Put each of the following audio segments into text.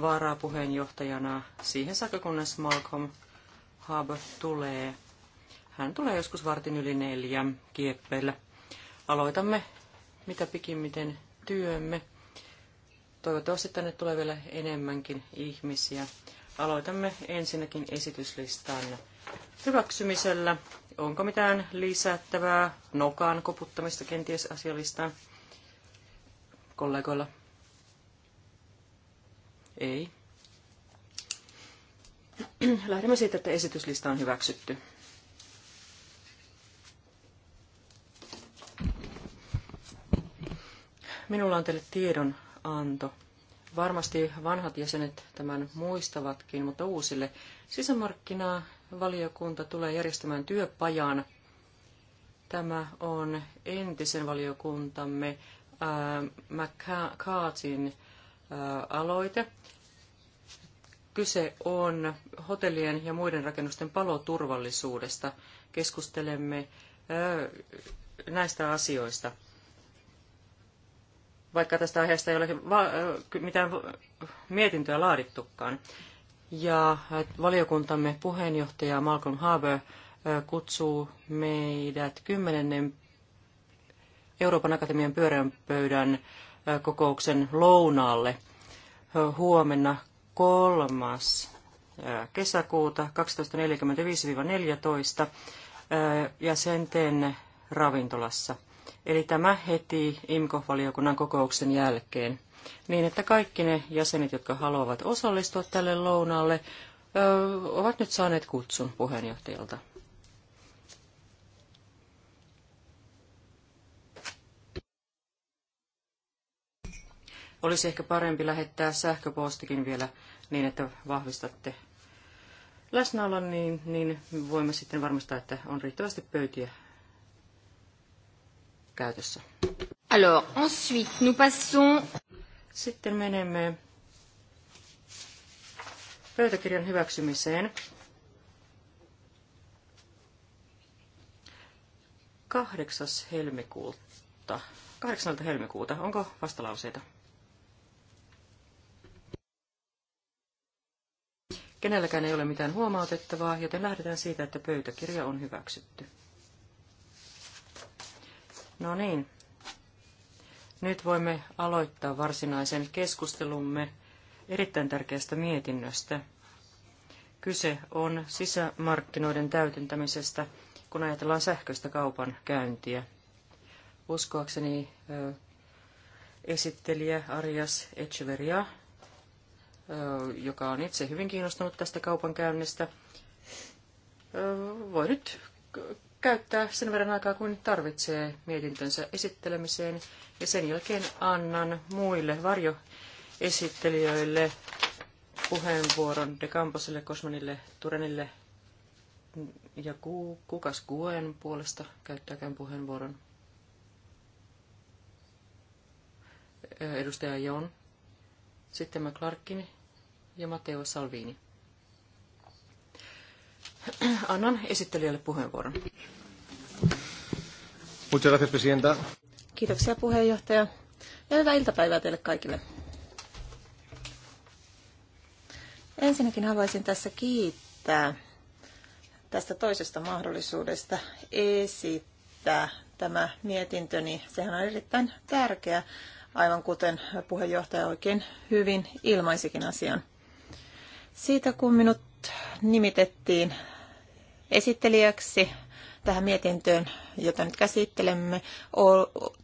varapuheenjohtajana siihen saakka, kunnes Malcolm Hub tulee. Hän tulee joskus vartin yli neljä kieppeillä. Aloitamme mitä pikimmiten työmme. Toivottavasti tänne tulee vielä enemmänkin ihmisiä. Aloitamme ensinnäkin esityslistan hyväksymisellä. Onko mitään lisättävää nokaan koputtamista kenties asialistaan kollegoilla? Ei. Lähdemme siitä, että esityslista on hyväksytty. Minulla on teille tiedonanto. Varmasti vanhat jäsenet tämän muistavatkin, mutta uusille sisämarkkinavaliokunta tulee järjestämään työpajan. Tämä on entisen valiokuntamme McCartin aloite. Kyse on hotellien ja muiden rakennusten paloturvallisuudesta. Keskustelemme näistä asioista. Vaikka tästä aiheesta ei ole mitään mietintöä laadittukaan. Ja valiokuntamme puheenjohtaja Malcolm Haber kutsuu meidät kymmenennen Euroopan akatemian pyörän pöydän kokouksen lounaalle huomenna kolmas kesäkuuta 12.45-14 teen ravintolassa. Eli tämä heti imco valiokunnan kokouksen jälkeen, niin että kaikki ne jäsenet, jotka haluavat osallistua tälle lounaalle, ovat nyt saaneet kutsun puheenjohtajalta. Olisi ehkä parempi lähettää sähköpostikin vielä niin, että vahvistatte läsnäolon, niin, niin voimme sitten varmistaa, että on riittävästi pöytiä käytössä. Alors, ensuite, nous passons... Sitten menemme pöytäkirjan hyväksymiseen. Kahdeksas helmikuuta. Kahdeksanalta helmikuuta. Onko vastalauseita? Kenelläkään ei ole mitään huomautettavaa, joten lähdetään siitä, että pöytäkirja on hyväksytty. No niin. Nyt voimme aloittaa varsinaisen keskustelumme erittäin tärkeästä mietinnöstä. Kyse on sisämarkkinoiden täytentämisestä, kun ajatellaan sähköistä kaupan käyntiä. Uskoakseni esittelijä Arias Echeveria joka on itse hyvin kiinnostunut tästä kaupankäynnistä, voi nyt käyttää sen verran aikaa kuin tarvitsee mietintönsä esittelemiseen. Ja sen jälkeen annan muille varjoesittelijöille puheenvuoron De Camposille, Kosmanille, Turenille ja ku, kukas Kuen puolesta käyttääkään puheenvuoron. Edustaja Jon sitten Clarkin ja Matteo Salvini. Annan esittelijälle puheenvuoron. Muchas gracias, presidenta. Kiitoksia puheenjohtaja ja hyvää iltapäivää teille kaikille. Ensinnäkin haluaisin tässä kiittää tästä toisesta mahdollisuudesta esittää tämä mietintöni, sehän on erittäin tärkeä aivan kuten puheenjohtaja oikein hyvin ilmaisikin asian. Siitä kun minut nimitettiin esittelijäksi tähän mietintöön, jota nyt käsittelemme,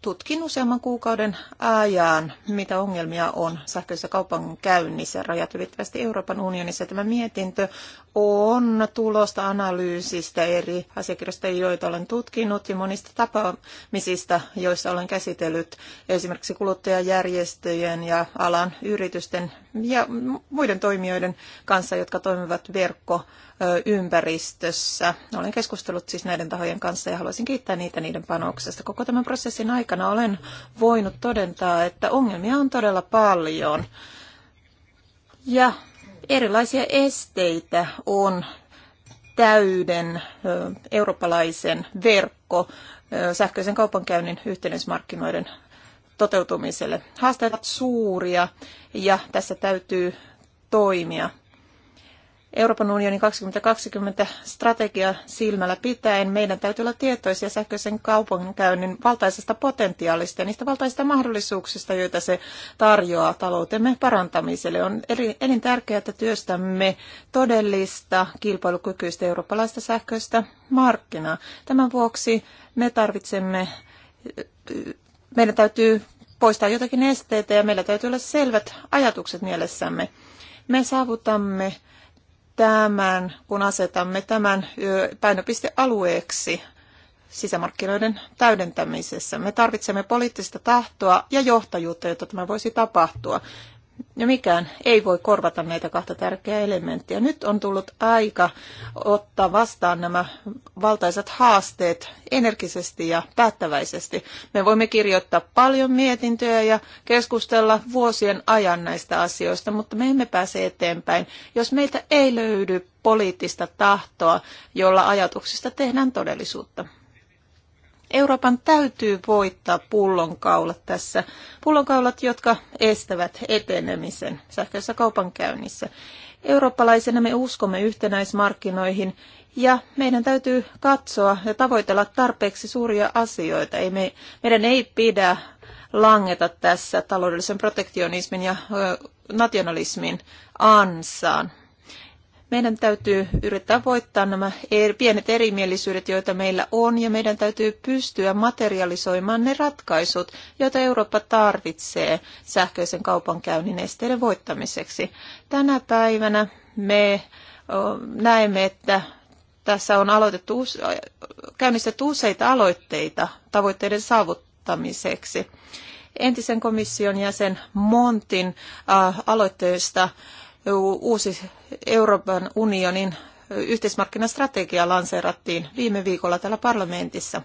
tutkin useamman kuukauden ajan, mitä ongelmia on sähköisessä kaupan käynnissä rajat ylittävästi Euroopan unionissa. Tämä mietintö on tulosta analyysistä eri asiakirjoista, joita olen tutkinut ja monista tapaamisista, joissa olen käsitellyt esimerkiksi kuluttajajärjestöjen ja alan yritysten ja muiden toimijoiden kanssa, jotka toimivat verkkoympäristössä. Olen keskustellut siis näiden tahojen kanssa ja haluaisin kiittää niitä niiden panoksesta. Koko tämän prosessin aikana olen voinut todentaa, että ongelmia on todella paljon. Ja erilaisia esteitä on täyden eurooppalaisen verkko sähköisen kaupankäynnin yhteismarkkinoiden toteutumiselle. Haasteet ovat suuria ja tässä täytyy toimia. Euroopan unionin 2020 strategia silmällä pitäen meidän täytyy olla tietoisia sähköisen kaupankäynnin valtaisesta potentiaalista ja niistä valtaisista mahdollisuuksista, joita se tarjoaa taloutemme parantamiselle. On elintärkeää, että työstämme todellista kilpailukykyistä eurooppalaista sähköistä markkinaa. Tämän vuoksi me tarvitsemme, meidän täytyy poistaa jotakin esteitä ja meillä täytyy olla selvät ajatukset mielessämme. Me saavutamme tämän, kun asetamme tämän painopistealueeksi sisämarkkinoiden täydentämisessä. Me tarvitsemme poliittista tahtoa ja johtajuutta, jotta tämä voisi tapahtua ja mikään ei voi korvata näitä kahta tärkeää elementtiä. Nyt on tullut aika ottaa vastaan nämä valtaisat haasteet energisesti ja päättäväisesti. Me voimme kirjoittaa paljon mietintöjä ja keskustella vuosien ajan näistä asioista, mutta me emme pääse eteenpäin, jos meiltä ei löydy poliittista tahtoa, jolla ajatuksista tehdään todellisuutta. Euroopan täytyy voittaa pullonkaulat tässä. Pullonkaulat, jotka estävät etenemisen sähköisessä kaupankäynnissä. Eurooppalaisena me uskomme yhtenäismarkkinoihin ja meidän täytyy katsoa ja tavoitella tarpeeksi suuria asioita. Ei me, meidän ei pidä langeta tässä taloudellisen protektionismin ja nationalismin ansaan. Meidän täytyy yrittää voittaa nämä pienet erimielisyydet, joita meillä on, ja meidän täytyy pystyä materialisoimaan ne ratkaisut, joita Eurooppa tarvitsee sähköisen kaupankäynnin esteiden voittamiseksi. Tänä päivänä me näemme, että tässä on aloitettu, käynnistetty useita aloitteita tavoitteiden saavuttamiseksi. Entisen komission jäsen Montin aloitteesta uusi Euroopan unionin yhteismarkkinastrategia lanseerattiin viime viikolla täällä parlamentissa.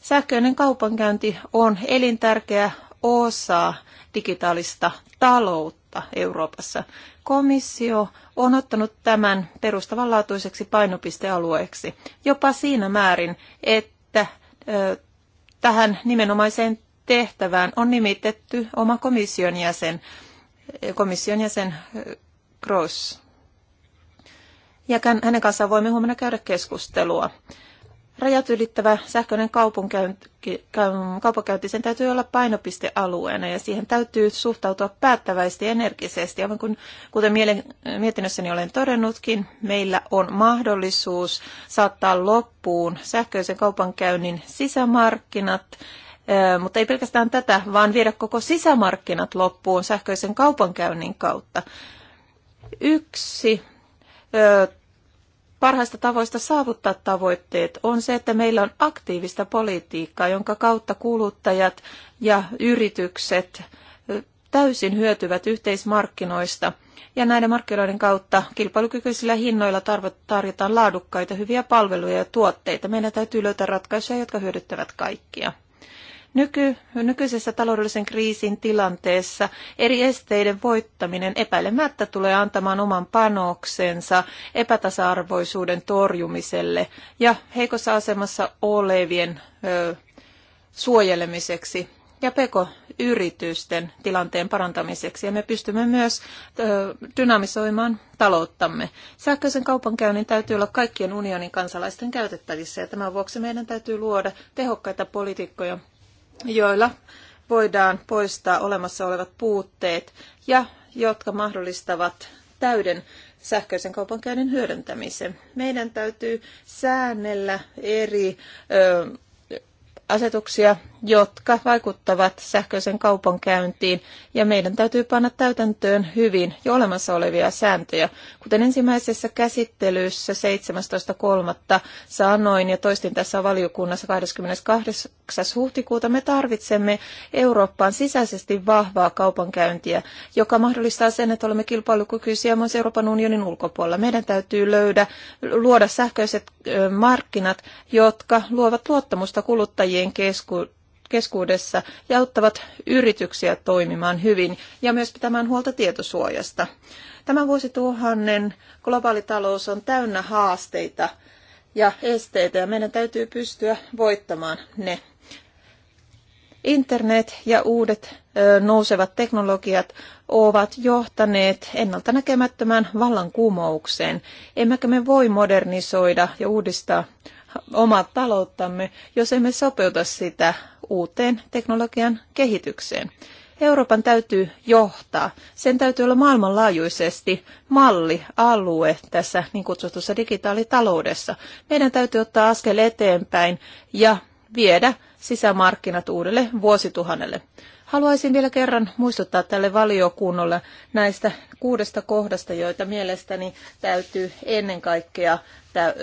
Sähköinen kaupankäynti on elintärkeä osa digitaalista taloutta Euroopassa. Komissio on ottanut tämän perustavanlaatuiseksi painopistealueeksi jopa siinä määrin, että tähän nimenomaiseen tehtävään on nimitetty oma komission jäsen komission jäsen Gross. Ja hänen kanssaan voimme huomenna käydä keskustelua. Rajat ylittävä sähköinen kaupunkikäynti kaupankäynti, sen täytyy olla painopistealueena ja siihen täytyy suhtautua päättäväisesti ja energisesti. Aivan kun, kuten mietinnössäni olen todennutkin, meillä on mahdollisuus saattaa loppuun sähköisen kaupankäynnin sisämarkkinat mutta ei pelkästään tätä, vaan viedä koko sisämarkkinat loppuun sähköisen kaupankäynnin kautta. Yksi parhaista tavoista saavuttaa tavoitteet on se, että meillä on aktiivista politiikkaa, jonka kautta kuluttajat ja yritykset täysin hyötyvät yhteismarkkinoista. Ja näiden markkinoiden kautta kilpailukykyisillä hinnoilla tarjotaan laadukkaita hyviä palveluja ja tuotteita. Meidän täytyy löytää ratkaisuja, jotka hyödyttävät kaikkia. Nyky, nykyisessä taloudellisen kriisin tilanteessa eri esteiden voittaminen epäilemättä tulee antamaan oman panoksensa epätasa-arvoisuuden torjumiselle ja heikossa asemassa olevien ö, suojelemiseksi ja pk-yritysten tilanteen parantamiseksi. Ja me pystymme myös dynamisoimaan talouttamme. Sähköisen kaupankäynnin täytyy olla kaikkien unionin kansalaisten käytettävissä ja tämän vuoksi meidän täytyy luoda tehokkaita politiikkoja joilla voidaan poistaa olemassa olevat puutteet ja jotka mahdollistavat täyden sähköisen kaupankäynnin hyödyntämisen. Meidän täytyy säännellä eri ö, asetuksia jotka vaikuttavat sähköisen kaupankäyntiin, ja meidän täytyy panna täytäntöön hyvin jo olemassa olevia sääntöjä. Kuten ensimmäisessä käsittelyssä 17.3. sanoin ja toistin tässä valiokunnassa 28. huhtikuuta, me tarvitsemme Eurooppaan sisäisesti vahvaa kaupankäyntiä, joka mahdollistaa sen, että olemme kilpailukykyisiä myös Euroopan unionin ulkopuolella. Meidän täytyy löydä, luoda sähköiset markkinat, jotka luovat luottamusta kuluttajien keskuuteen keskuudessa ja auttavat yrityksiä toimimaan hyvin ja myös pitämään huolta tietosuojasta. Tämän vuosituhannen globaali talous on täynnä haasteita ja esteitä ja meidän täytyy pystyä voittamaan ne. Internet ja uudet nousevat teknologiat ovat johtaneet ennalta näkemättömään vallankumoukseen. Emmekä me voi modernisoida ja uudistaa omaa talouttamme, jos emme sopeuta sitä uuteen teknologian kehitykseen. Euroopan täytyy johtaa. Sen täytyy olla maailmanlaajuisesti alue tässä niin kutsutussa digitaalitaloudessa. Meidän täytyy ottaa askel eteenpäin ja viedä sisämarkkinat uudelle vuosituhannelle. Haluaisin vielä kerran muistuttaa tälle valiokunnalle näistä kuudesta kohdasta, joita mielestäni täytyy ennen kaikkea tä-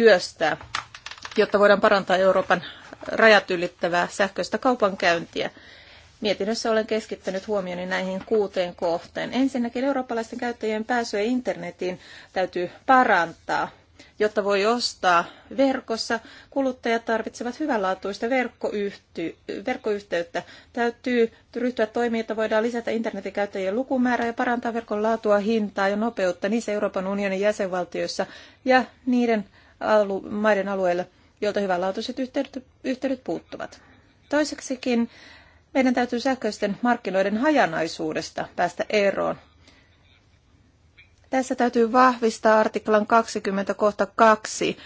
työstää, jotta voidaan parantaa Euroopan rajat ylittävää sähköistä kaupankäyntiä. Mietinnössä olen keskittänyt huomioni näihin kuuteen kohteen. Ensinnäkin eurooppalaisten käyttäjien pääsyä internetiin täytyy parantaa. Jotta voi ostaa verkossa, kuluttajat tarvitsevat hyvänlaatuista verkkoyhty- verkkoyhteyttä. Täytyy ryhtyä toimiin, että voidaan lisätä internetin käyttäjien lukumäärää ja parantaa verkon laatua, hintaa ja nopeutta niissä Euroopan unionin jäsenvaltioissa ja niiden alu, maiden alueilla, joilta hyvänlaatuiset yhteydet, yhteydet puuttuvat. Toiseksikin meidän täytyy sähköisten markkinoiden hajanaisuudesta päästä eroon. Tässä täytyy vahvistaa artiklan 20 kohta 2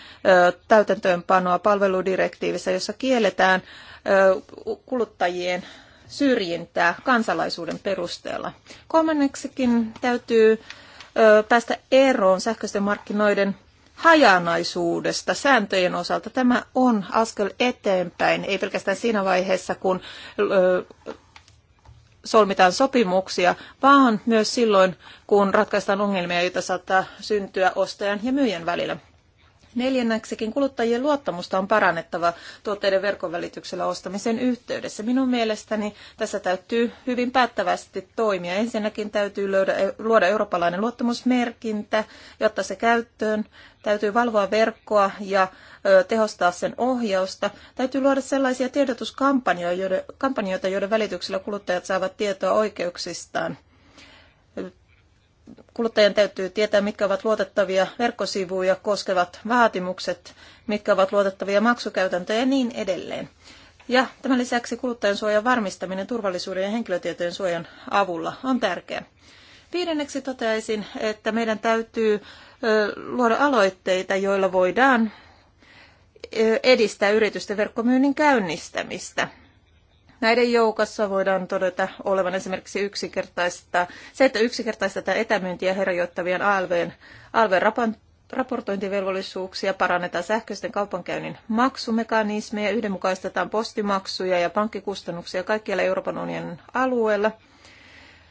täytäntöönpanoa palveludirektiivissä, jossa kielletään kuluttajien syrjintää kansalaisuuden perusteella. Kolmanneksikin täytyy päästä eroon sähköisten markkinoiden hajanaisuudesta sääntöjen osalta. Tämä on askel eteenpäin, ei pelkästään siinä vaiheessa, kun solmitaan sopimuksia, vaan myös silloin, kun ratkaistaan ongelmia, joita saattaa syntyä ostajan ja myyjän välillä. Neljänneksikin kuluttajien luottamusta on parannettava tuotteiden verkon välityksellä ostamisen yhteydessä. Minun mielestäni tässä täytyy hyvin päättävästi toimia. Ensinnäkin täytyy löydä, luoda eurooppalainen luottamusmerkintä, jotta se käyttöön. Täytyy valvoa verkkoa ja ö, tehostaa sen ohjausta. Täytyy luoda sellaisia tiedotuskampanjoita, joiden, joiden välityksellä kuluttajat saavat tietoa oikeuksistaan kuluttajan täytyy tietää, mitkä ovat luotettavia verkkosivuja koskevat vaatimukset, mitkä ovat luotettavia maksukäytäntöjä ja niin edelleen. Ja tämän lisäksi kuluttajan suojan varmistaminen turvallisuuden ja henkilötietojen suojan avulla on tärkeää. Viidenneksi toteaisin, että meidän täytyy luoda aloitteita, joilla voidaan edistää yritysten verkkomyynnin käynnistämistä. Näiden joukossa voidaan todeta olevan esimerkiksi yksinkertaista, se, että tätä etämyyntiä herjoittavien ALVn, ALV-rapan raportointivelvollisuuksia, parannetaan sähköisten kaupankäynnin maksumekanismeja, yhdenmukaistetaan postimaksuja ja pankkikustannuksia kaikkialla Euroopan unionin alueella.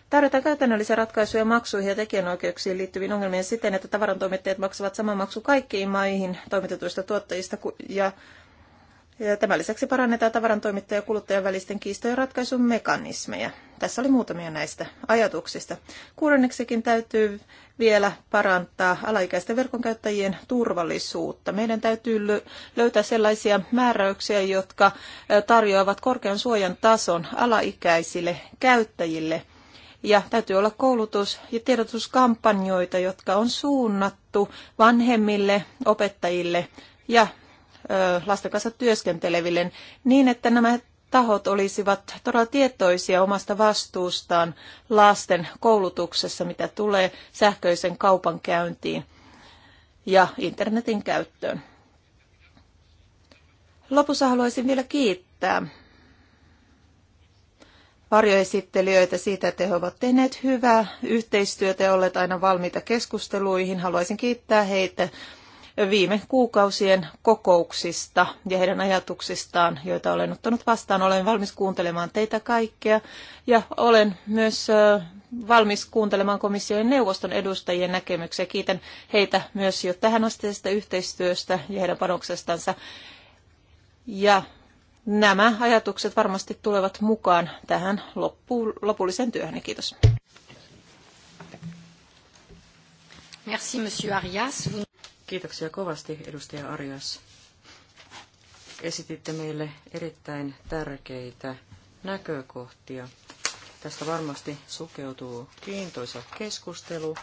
Tarjotaan käytännöllisiä ratkaisuja maksuihin ja tekijänoikeuksiin liittyviin ongelmiin siten, että tavarantoimittajat maksavat saman maksu kaikkiin maihin toimitetuista tuottajista ja ja tämän lisäksi parannetaan tavarantoimittaja- ja kuluttajan välisten kiistojen ratkaisun mekanismeja. Tässä oli muutamia näistä ajatuksista. Kuudenneksikin täytyy vielä parantaa alaikäisten verkonkäyttäjien turvallisuutta. Meidän täytyy löytää sellaisia määräyksiä, jotka tarjoavat korkean suojan tason alaikäisille käyttäjille. Ja täytyy olla koulutus- ja tiedotuskampanjoita, jotka on suunnattu vanhemmille, opettajille ja lasten kanssa työskenteleville niin, että nämä tahot olisivat todella tietoisia omasta vastuustaan lasten koulutuksessa, mitä tulee sähköisen kaupan käyntiin ja internetin käyttöön. Lopussa haluaisin vielä kiittää varjoesittelijöitä siitä, että he ovat tehneet hyvää yhteistyötä ja olleet aina valmiita keskusteluihin. Haluaisin kiittää heitä viime kuukausien kokouksista ja heidän ajatuksistaan, joita olen ottanut vastaan. Olen valmis kuuntelemaan teitä kaikkea ja olen myös valmis kuuntelemaan komission ja neuvoston edustajien näkemyksiä. Kiitän heitä myös jo tähän yhteistyöstä ja heidän panoksestansa. Ja nämä ajatukset varmasti tulevat mukaan tähän loppu, lopulliseen työhön. Kiitos. Merci, monsieur Arias. Kiitoksia kovasti, edustaja Arias. Esititte meille erittäin tärkeitä näkökohtia. Tästä varmasti sukeutuu kiintoisa keskustelu.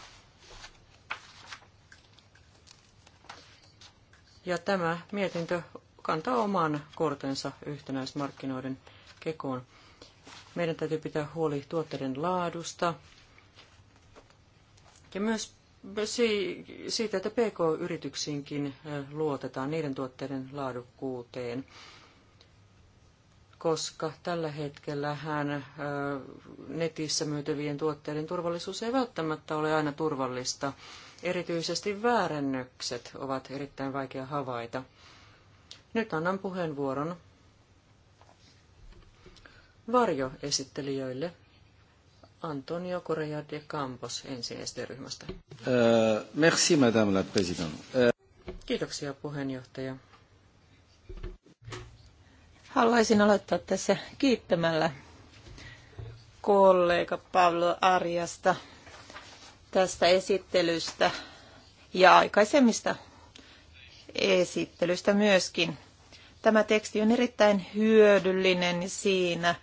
Ja tämä mietintö kantaa oman kortensa yhtenäismarkkinoiden kekoon. Meidän täytyy pitää huoli tuotteiden laadusta ja myös siitä, että PK-yrityksiinkin eh, luotetaan niiden tuotteiden laadukkuuteen, koska tällä hetkellä hän eh, netissä myytävien tuotteiden turvallisuus ei välttämättä ole aina turvallista. Erityisesti väärennökset ovat erittäin vaikea havaita. Nyt annan puheenvuoron varjoesittelijöille. Antonio Correa de Campos ensin ryhmästä Uh, merci, madame la présidente. Uh... Kiitoksia, puheenjohtaja. Haluaisin aloittaa tässä kiittämällä kollega Pablo Arjasta tästä esittelystä ja aikaisemmista esittelystä myöskin. Tämä teksti on erittäin hyödyllinen siinä,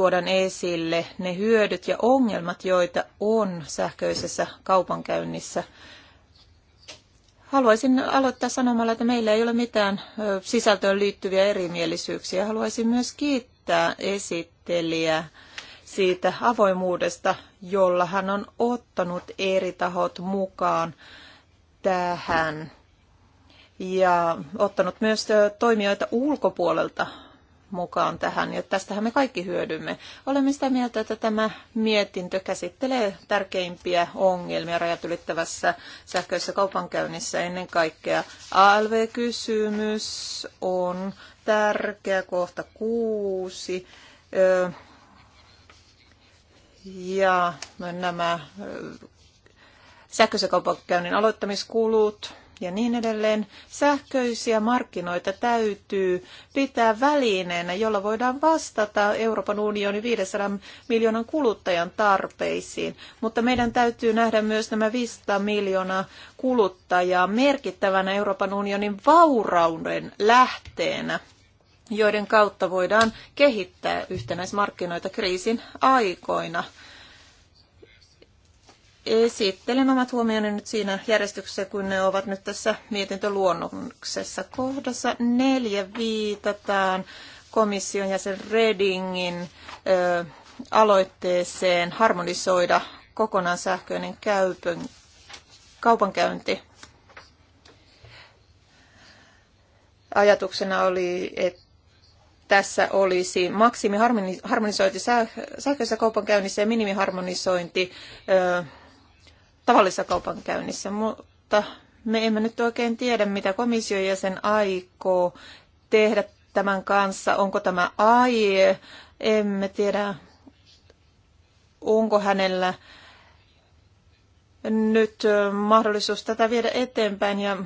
tuodaan esille ne hyödyt ja ongelmat, joita on sähköisessä kaupankäynnissä. Haluaisin aloittaa sanomalla, että meillä ei ole mitään sisältöön liittyviä erimielisyyksiä. Haluaisin myös kiittää esittelijää siitä avoimuudesta, jolla hän on ottanut eri tahot mukaan tähän ja ottanut myös toimijoita ulkopuolelta mukaan tähän, ja tästähän me kaikki hyödymme. Olemme sitä mieltä, että tämä mietintö käsittelee tärkeimpiä ongelmia rajat ylittävässä sähköisessä kaupankäynnissä. Ennen kaikkea ALV-kysymys on tärkeä kohta kuusi. ja nämä sähköisen kaupankäynnin aloittamiskulut, ja niin edelleen. Sähköisiä markkinoita täytyy pitää välineenä, jolla voidaan vastata Euroopan unionin 500 miljoonan kuluttajan tarpeisiin. Mutta meidän täytyy nähdä myös nämä 500 miljoonaa kuluttajaa merkittävänä Euroopan unionin vaurauden lähteenä joiden kautta voidaan kehittää yhtenäismarkkinoita kriisin aikoina esittelemään omat huomioni nyt siinä järjestyksessä, kun ne ovat nyt tässä mietintöluonnoksessa. Kohdassa neljä viitataan komission jäsen Redingin ö, aloitteeseen harmonisoida kokonaan sähköinen käypön, kaupankäynti. Ajatuksena oli, että tässä olisi maksimiharmonisointi sähköisessä kaupankäynnissä ja minimiharmonisointi tavallisessa kaupankäynnissä, mutta me emme nyt oikein tiedä, mitä komission jäsen aikoo tehdä tämän kanssa. Onko tämä aie? Emme tiedä, onko hänellä nyt mahdollisuus tätä viedä eteenpäin. Ja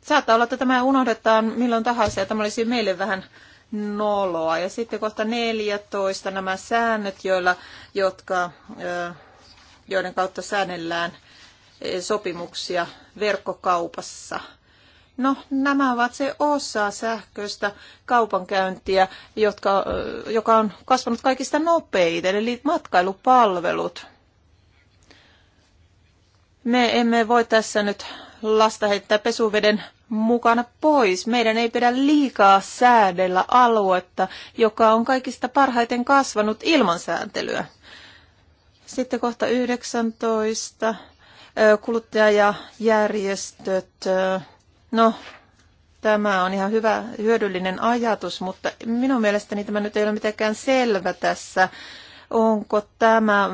saattaa olla, että tämä unohdetaan milloin tahansa ja tämä olisi meille vähän noloa. Ja sitten kohta 14 nämä säännöt, joilla, jotka ö, joiden kautta säännellään eh, sopimuksia verkkokaupassa. No, nämä ovat se osa sähköistä kaupankäyntiä, jotka, eh, joka on kasvanut kaikista nopeiten, eli matkailupalvelut. Me emme voi tässä nyt lasta heittää pesuveden mukana pois. Meidän ei pidä liikaa säädellä aluetta, joka on kaikista parhaiten kasvanut ilman sääntelyä. Sitten kohta 19. Kuluttajajärjestöt. No, tämä on ihan hyvä, hyödyllinen ajatus, mutta minun mielestäni tämä nyt ei ole mitenkään selvä tässä. Onko tämä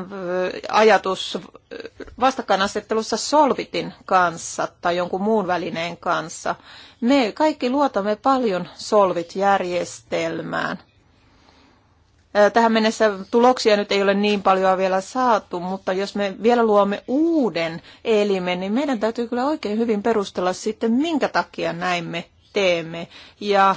ajatus vastakkainasettelussa Solvitin kanssa tai jonkun muun välineen kanssa? Me kaikki luotamme paljon Solvit-järjestelmään. Tähän mennessä tuloksia nyt ei ole niin paljon vielä saatu, mutta jos me vielä luomme uuden elimen, niin meidän täytyy kyllä oikein hyvin perustella sitten, minkä takia me teemme. Ja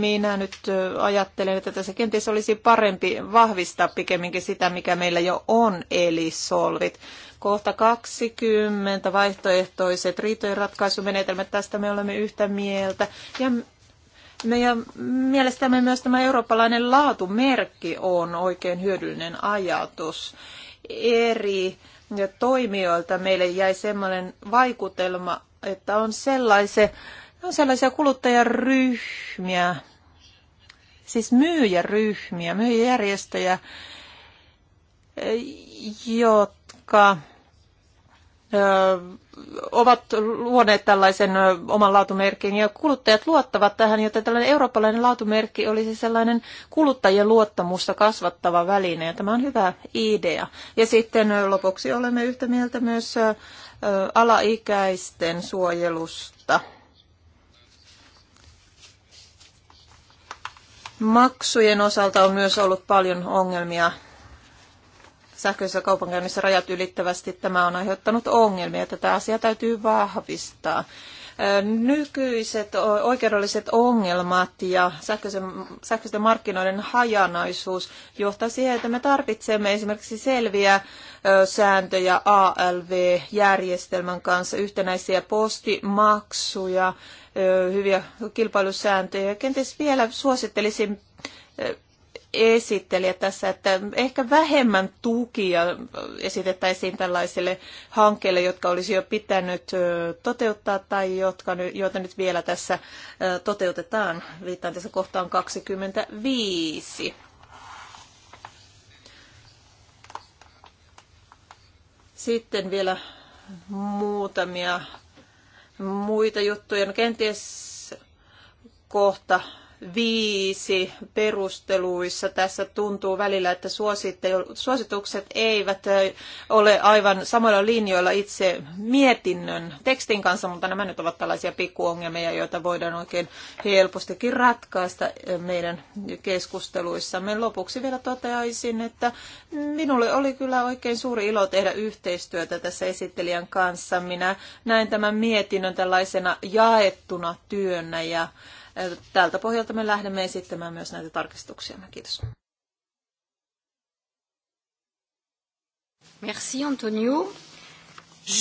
minä nyt ajattelen, että tässä kenties olisi parempi vahvistaa pikemminkin sitä, mikä meillä jo on, eli solvit. Kohta 20 vaihtoehtoiset riitojen ratkaisumenetelmät, tästä me olemme yhtä mieltä. Ja ja mielestämme myös tämä eurooppalainen laatumerkki on oikein hyödyllinen ajatus. Eri toimijoilta meille jäi sellainen vaikutelma, että on, sellaisia, on sellaisia kuluttajaryhmiä, siis myyjäryhmiä, myyjäjärjestöjä, jotka ovat luoneet tällaisen oman laatumerkin ja kuluttajat luottavat tähän, joten tällainen eurooppalainen laatumerkki olisi sellainen kuluttajien luottamusta kasvattava väline ja tämä on hyvä idea. Ja sitten lopuksi olemme yhtä mieltä myös alaikäisten suojelusta. Maksujen osalta on myös ollut paljon ongelmia sähköisessä kaupankäynnissä rajat ylittävästi tämä on aiheuttanut ongelmia. Tätä asiaa täytyy vahvistaa. Nykyiset oikeudelliset ongelmat ja sähköisen, sähköisten markkinoiden hajanaisuus johtaa siihen, että me tarvitsemme esimerkiksi selviä sääntöjä ALV-järjestelmän kanssa, yhtenäisiä postimaksuja, hyviä kilpailusääntöjä. Kenties vielä suosittelisin esittelijä tässä, että ehkä vähemmän tukia esitettäisiin tällaisille hankkeille, jotka olisi jo pitänyt toteuttaa tai jotka, joita nyt vielä tässä toteutetaan. Viittaan tässä kohtaan 25. Sitten vielä muutamia muita juttuja. No kenties kohta viisi perusteluissa. Tässä tuntuu välillä, että suositukset eivät ole aivan samoilla linjoilla itse mietinnön tekstin kanssa, mutta nämä nyt ovat tällaisia pikkuongelmia, joita voidaan oikein helpostikin ratkaista meidän keskusteluissamme. Lopuksi vielä toteaisin, että minulle oli kyllä oikein suuri ilo tehdä yhteistyötä tässä esittelijän kanssa. Minä näin tämän mietinnön tällaisena jaettuna työnä ja Tältä pohjalta me lähdemme esittämään myös näitä tarkistuksia. Kiitos. Merci Antonio.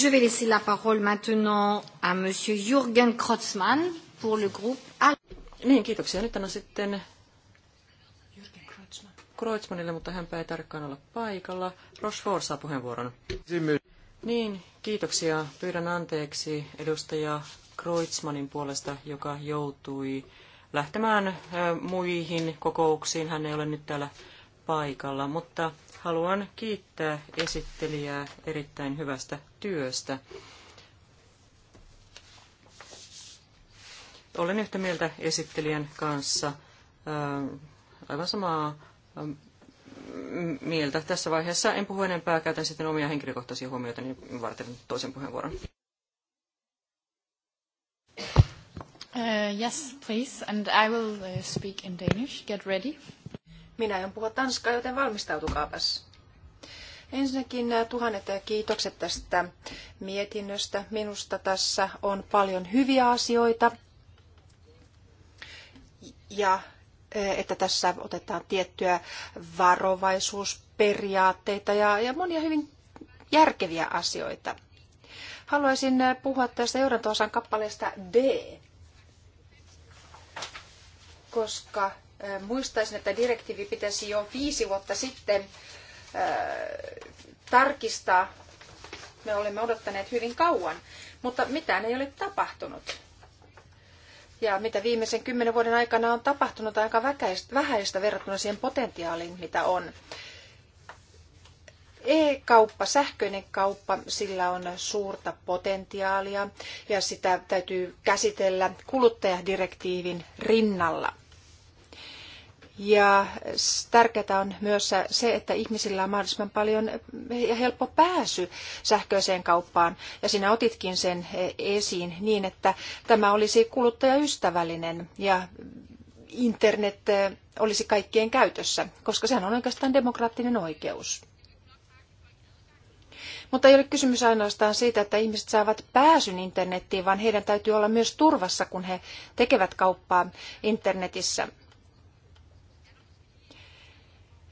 Je vais laisser la parole maintenant à Monsieur Jürgen Krotzmann pour le groupe Al. Niin, kiitoksia. Nyt on sitten Kreutzmannille, mutta hän ei tarkkaan olla paikalla. Rochefort saa puheenvuoron. Niin, kiitoksia. Pyydän anteeksi edustaja Kreutzmannin puolesta, joka joutui lähtemään muihin kokouksiin. Hän ei ole nyt täällä paikalla, mutta haluan kiittää esittelijää erittäin hyvästä työstä. Olen yhtä mieltä esittelijän kanssa aivan samaa mieltä. Tässä vaiheessa en puhu enempää, käytän sitten omia henkilökohtaisia huomioita, niin varten toisen puheenvuoron. Uh, yes, please. And I will uh, speak in Danish. Get ready. Minä en puhu tanskaa, joten valmistautukaapas. Ensinnäkin uh, tuhannet uh, kiitokset tästä mietinnöstä. Minusta tässä on paljon hyviä asioita ja uh, että tässä otetaan tiettyä varovaisuusperiaatteita ja, ja monia hyvin järkeviä asioita. Haluaisin puhua tästä seurantoosan kappaleesta D koska muistaisin, että direktiivi pitäisi jo viisi vuotta sitten tarkistaa. Me olemme odottaneet hyvin kauan, mutta mitään ei ole tapahtunut. Ja mitä viimeisen kymmenen vuoden aikana on tapahtunut aika vähäistä verrattuna siihen potentiaaliin, mitä on. E-kauppa, sähköinen kauppa, sillä on suurta potentiaalia ja sitä täytyy käsitellä kuluttajadirektiivin rinnalla. Ja tärkeää on myös se, että ihmisillä on mahdollisimman paljon eh, ja helppo pääsy sähköiseen kauppaan. Ja sinä otitkin sen eh, esiin niin, että tämä olisi kuluttajaystävällinen ja internet eh, olisi kaikkien käytössä, koska sehän on oikeastaan demokraattinen oikeus. Mutta ei ole kysymys ainoastaan siitä, että ihmiset saavat pääsyn internettiin, vaan heidän täytyy olla myös turvassa, kun he tekevät kauppaa internetissä.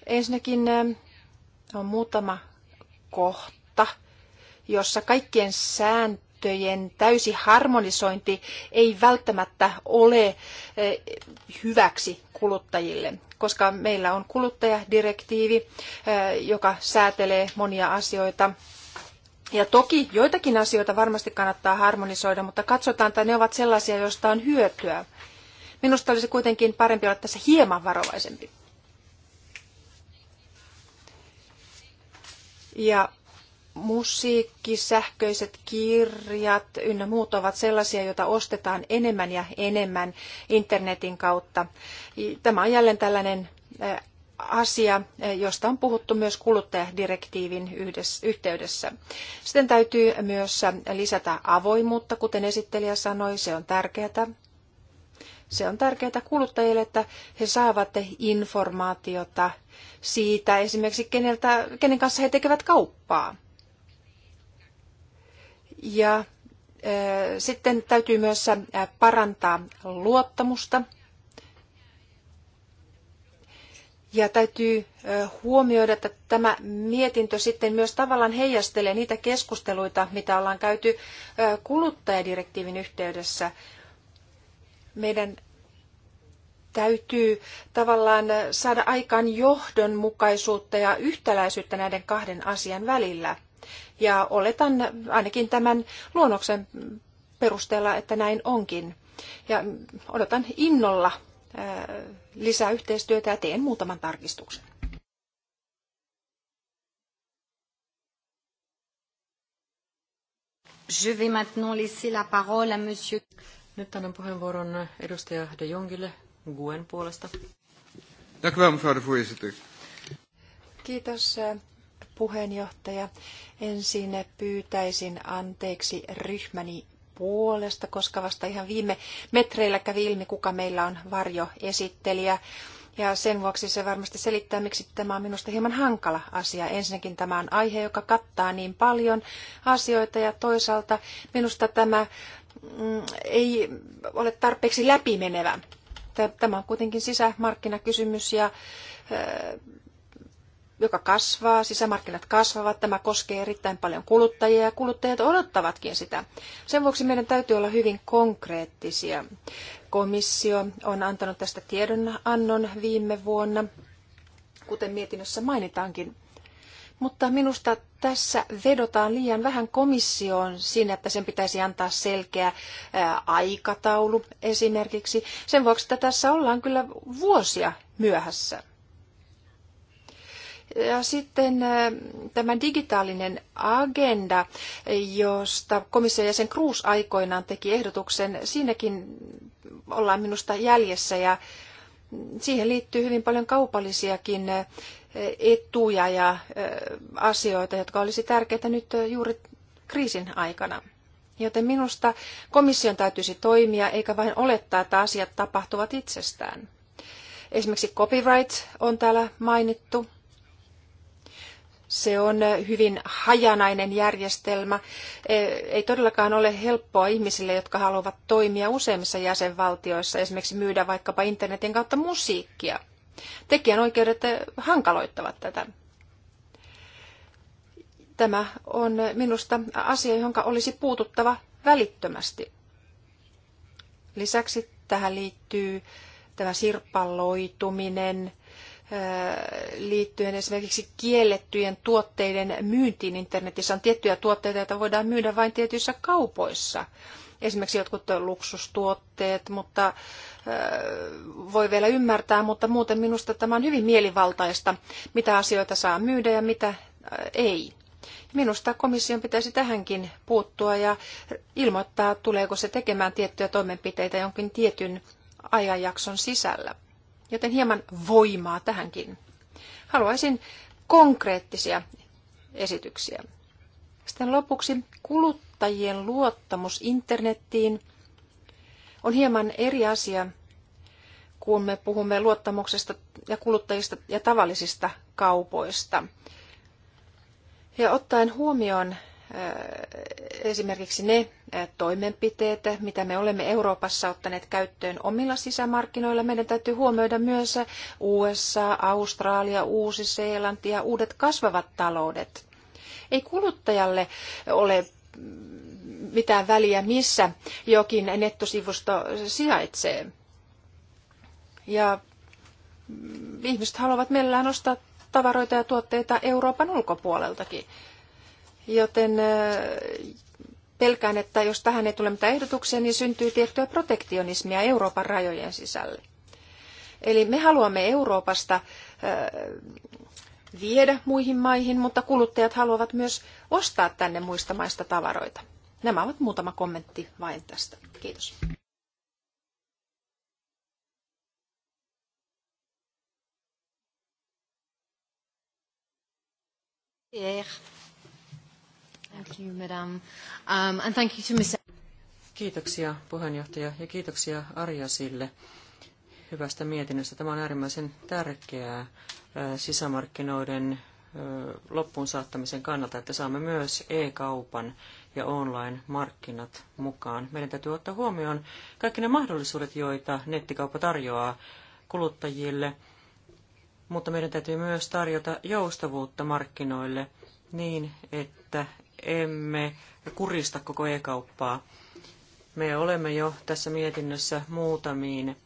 Ensinnäkin on muutama kohta, jossa kaikkien sääntöjen täysi harmonisointi ei välttämättä ole hyväksi kuluttajille, koska meillä on kuluttajadirektiivi, joka säätelee monia asioita ja toki joitakin asioita varmasti kannattaa harmonisoida, mutta katsotaan, että ne ovat sellaisia, joista on hyötyä. Minusta olisi kuitenkin parempi olla tässä hieman varovaisempi. Ja musiikki, sähköiset kirjat ynnä muut ovat sellaisia, joita ostetaan enemmän ja enemmän internetin kautta. Tämä on jälleen tällainen asia, josta on puhuttu myös kuluttajadirektiivin yhteydessä. Sitten täytyy myös lisätä avoimuutta, kuten esittelijä sanoi, se on tärkeää. Se on tärkeää kuluttajille, että he saavat informaatiota siitä esimerkiksi, keneltä, kenen kanssa he tekevät kauppaa. Ja sitten täytyy myös parantaa luottamusta. Ja täytyy huomioida, että tämä mietintö sitten myös tavallaan heijastelee niitä keskusteluita, mitä ollaan käyty kuluttajadirektiivin yhteydessä, meidän täytyy tavallaan saada aikaan johdonmukaisuutta ja yhtäläisyyttä näiden kahden asian välillä. Ja oletan ainakin tämän luonnoksen perusteella, että näin onkin. Ja odotan innolla lisää yhteistyötä ja teen muutaman tarkistuksen. Je vais maintenant laisser la parole à monsieur nyt annan puheenvuoron edustaja De Jongille Guen puolesta. Kiitos eh, puheenjohtaja. Ensin pyytäisin anteeksi ryhmäni puolesta, koska vasta ihan viime metreillä kävi ilmi, kuka meillä on varjoesittelijä. Ja sen vuoksi se varmasti selittää, miksi tämä on minusta hieman hankala asia. Ensinnäkin tämä on aihe, joka kattaa niin paljon asioita ja toisaalta minusta tämä Mm, ei ole tarpeeksi läpimenevä. Tämä on kuitenkin sisämarkkinakysymys, ja, joka kasvaa, sisämarkkinat kasvavat, tämä koskee erittäin paljon kuluttajia ja kuluttajat odottavatkin sitä. Sen vuoksi meidän täytyy olla hyvin konkreettisia. Komissio on antanut tästä tiedonannon viime vuonna, kuten mietinnössä mainitaankin. Mutta minusta tässä vedotaan liian vähän komissioon siinä, että sen pitäisi antaa selkeä aikataulu esimerkiksi. Sen vuoksi, että tässä ollaan kyllä vuosia myöhässä. Ja sitten tämä digitaalinen agenda, josta komission jäsen Cruz aikoinaan teki ehdotuksen, siinäkin ollaan minusta jäljessä ja siihen liittyy hyvin paljon kaupallisiakin eh, etuja ja eh, asioita, jotka olisi tärkeitä nyt eh, juuri kriisin aikana. Joten minusta komission täytyisi toimia eikä vain olettaa, että asiat tapahtuvat itsestään. Esimerkiksi copyright on täällä mainittu. Se on hyvin hajanainen järjestelmä. E, ei todellakaan ole helppoa ihmisille, jotka haluavat toimia useimmissa jäsenvaltioissa, esimerkiksi myydä vaikkapa internetin kautta musiikkia. Tekijänoikeudet e, hankaloittavat tätä. Tämä on minusta asia, johon olisi puututtava välittömästi. Lisäksi tähän liittyy tämä sirpaloituminen, liittyen esimerkiksi kiellettyjen tuotteiden myyntiin internetissä. On tiettyjä tuotteita, joita voidaan myydä vain tietyissä kaupoissa. Esimerkiksi jotkut luksustuotteet, mutta voi vielä ymmärtää, mutta muuten minusta tämä on hyvin mielivaltaista, mitä asioita saa myydä ja mitä ei. Minusta komission pitäisi tähänkin puuttua ja ilmoittaa, tuleeko se tekemään tiettyjä toimenpiteitä jonkin tietyn ajanjakson sisällä joten hieman voimaa tähänkin. Haluaisin konkreettisia esityksiä. Sitten lopuksi kuluttajien luottamus internettiin on hieman eri asia, kun me puhumme luottamuksesta ja kuluttajista ja tavallisista kaupoista. Ja ottaen huomioon esimerkiksi ne toimenpiteet, mitä me olemme Euroopassa ottaneet käyttöön omilla sisämarkkinoilla. Meidän täytyy huomioida myös USA, Australia, Uusi-Seelanti ja uudet kasvavat taloudet. Ei kuluttajalle ole mitään väliä, missä jokin nettosivusto sijaitsee. Ja ihmiset haluavat mielellään ostaa tavaroita ja tuotteita Euroopan ulkopuoleltakin. Joten pelkään, että jos tähän ei tule mitään ehdotuksia, niin syntyy tiettyä protektionismia Euroopan rajojen sisälle. Eli me haluamme Euroopasta viedä muihin maihin, mutta kuluttajat haluavat myös ostaa tänne muista maista tavaroita. Nämä ovat muutama kommentti vain tästä. Kiitos. Pierre. Thank you, madam. Um, and thank you to Ms. Kiitoksia puheenjohtaja ja kiitoksia Arja sille hyvästä mietinnöstä. Tämä on äärimmäisen tärkeää äh, sisämarkkinoiden äh, loppuun saattamisen kannalta, että saamme myös e-kaupan ja online-markkinat mukaan. Meidän täytyy ottaa huomioon kaikki ne mahdollisuudet, joita nettikauppa tarjoaa kuluttajille, mutta meidän täytyy myös tarjota joustavuutta markkinoille niin, että emme kurista koko e-kauppaa. Me olemme jo tässä mietinnössä muutamiin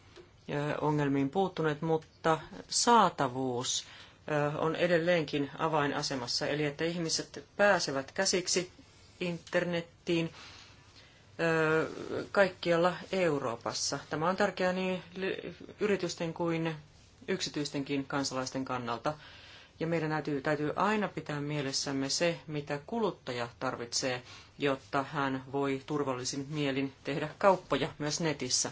ongelmiin puuttuneet, mutta saatavuus on edelleenkin avainasemassa, eli että ihmiset pääsevät käsiksi internettiin kaikkialla Euroopassa. Tämä on tärkeää niin yritysten kuin yksityistenkin kansalaisten kannalta. Ja meidän täytyy, täytyy aina pitää mielessämme se, mitä kuluttaja tarvitsee, jotta hän voi turvallisin mielin tehdä kauppoja myös netissä.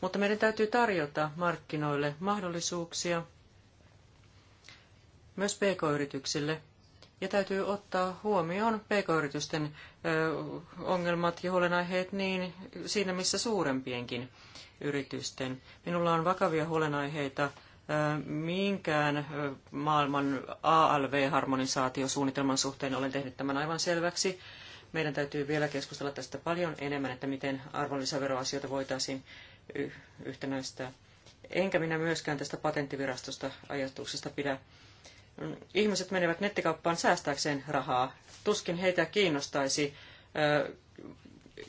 Mutta meidän täytyy tarjota markkinoille mahdollisuuksia myös pk-yrityksille. Ja täytyy ottaa huomioon pk-yritysten ongelmat ja huolenaiheet niin siinä missä suurempienkin yritysten. Minulla on vakavia huolenaiheita minkään maailman ALV-harmonisaatiosuunnitelman suhteen. Olen tehnyt tämän aivan selväksi. Meidän täytyy vielä keskustella tästä paljon enemmän, että miten arvonlisäveroasioita voitaisiin yhtenäistää. Enkä minä myöskään tästä patenttivirastosta ajatuksesta pidä. Ihmiset menevät nettikauppaan säästääkseen rahaa. Tuskin heitä kiinnostaisi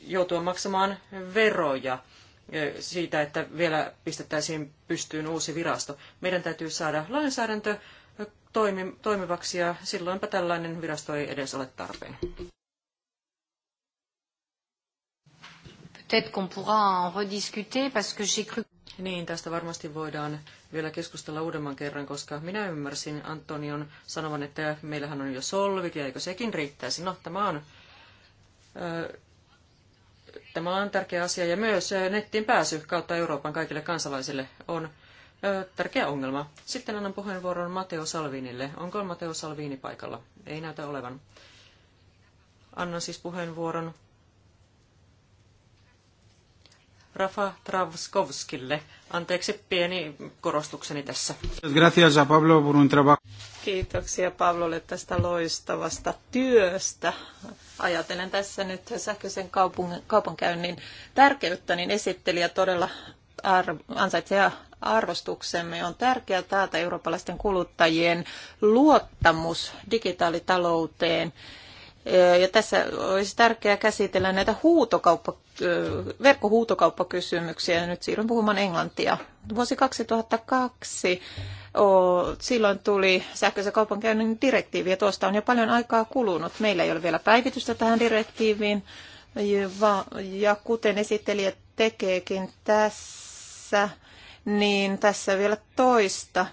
joutua maksamaan veroja siitä, että vielä pistettäisiin pystyyn uusi virasto. Meidän täytyy saada lainsäädäntö toimi, toimivaksi ja silloinpa tällainen virasto ei edes ole tarpeen. Niin, tästä varmasti voidaan vielä keskustella uudemman kerran, koska minä ymmärsin Antonion sanovan, että meillähän on jo solvit ja eikö sekin riittäisi. No, tämä on Tämä on tärkeä asia ja myös nettiin pääsy kautta Euroopan kaikille kansalaisille on tärkeä ongelma. Sitten annan puheenvuoron Matteo Salvinille. Onko Matteo Salvini paikalla? Ei näytä olevan. Annan siis puheenvuoron Rafa Travskovskille. Anteeksi pieni korostukseni tässä. Gracias Pablo por un trabajo. Kiitoksia Pablolle tästä loistavasta työstä. Ajatellen tässä nyt sähköisen kaupung- kaupankäynnin tärkeyttä, niin esittelijä todella arv- ansaitsee arvostuksemme. On tärkeää taata eurooppalaisten kuluttajien luottamus digitaalitalouteen ja tässä olisi tärkeää käsitellä näitä huutokauppa, verkkohuutokauppakysymyksiä. Nyt siirryn puhumaan englantia. Vuosi 2002 oh, silloin tuli sähköisen kaupankäynnin direktiivi ja tuosta on jo paljon aikaa kulunut. Meillä ei ole vielä päivitystä tähän direktiiviin. Ja kuten esittelijä tekeekin tässä, niin tässä vielä toista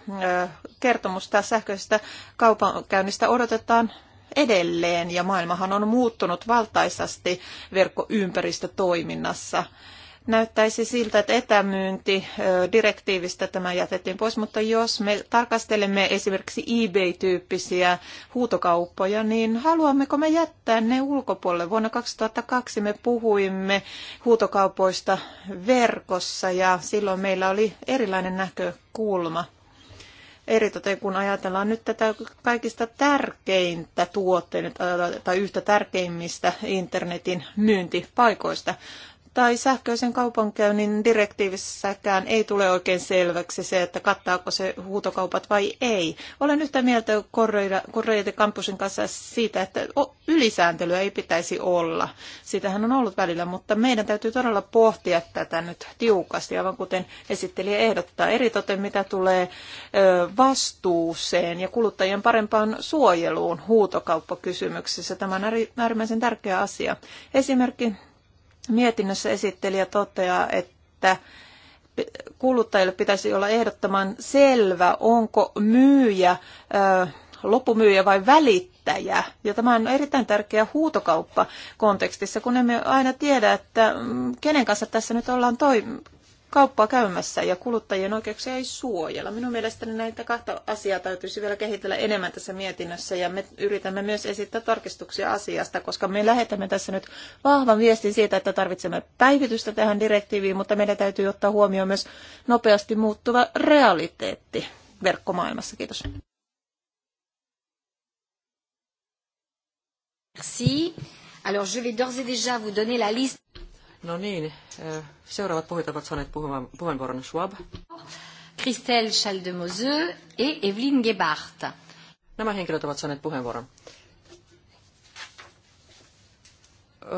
kertomusta sähköisestä kaupankäynnistä odotetaan edelleen ja maailmahan on muuttunut valtaisasti verkkoympäristötoiminnassa. Näyttäisi siltä, että etämyynti direktiivistä tämä jätettiin pois, mutta jos me tarkastelemme esimerkiksi eBay-tyyppisiä huutokauppoja, niin haluammeko me jättää ne ulkopuolelle? Vuonna 2002 me puhuimme huutokaupoista verkossa ja silloin meillä oli erilainen näkökulma Eritoten kun ajatellaan nyt tätä kaikista tärkeintä tuotteita tai yhtä tärkeimmistä internetin myyntipaikoista, tai sähköisen kaupankäynnin direktiivissäkään ei tule oikein selväksi se, että kattaako se huutokaupat vai ei. Olen yhtä mieltä Correide Campusin kanssa siitä, että ylisääntelyä ei pitäisi olla. Sitähän on ollut välillä, mutta meidän täytyy todella pohtia tätä nyt tiukasti, aivan kuten esittelijä ehdottaa. Eritoten mitä tulee vastuuseen ja kuluttajien parempaan suojeluun huutokauppakysymyksissä. Tämä on äärimmäisen tärkeä asia. Esimerkki Mietinnössä esittelijä toteaa, että kuluttajille pitäisi olla ehdottoman selvä, onko myyjä loppumyyjä vai välittäjä. Ja tämä on erittäin tärkeä huutokauppa kontekstissa, kun emme aina tiedä, että mm, kenen kanssa tässä nyt ollaan toi, kauppaa käymässä ja kuluttajien oikeuksia ei suojella. Minun mielestäni näitä kahta asiaa täytyisi vielä kehitellä enemmän tässä mietinnössä ja me yritämme myös esittää tarkistuksia asiasta, koska me lähetämme tässä nyt vahvan viestin siitä, että tarvitsemme päivitystä tähän direktiiviin, mutta meidän täytyy ottaa huomioon myös nopeasti muuttuva realiteetti verkkomaailmassa. Kiitos. Merci. Alors je vais d'ores et déjà vous donner la liste. No niin, seuraavat puhujat ovat saaneet puheenvuoron Schwab. Christelle Chaldemoseux ja Evelyn Gebhardt. Nämä henkilöt ovat saaneet puheenvuoron.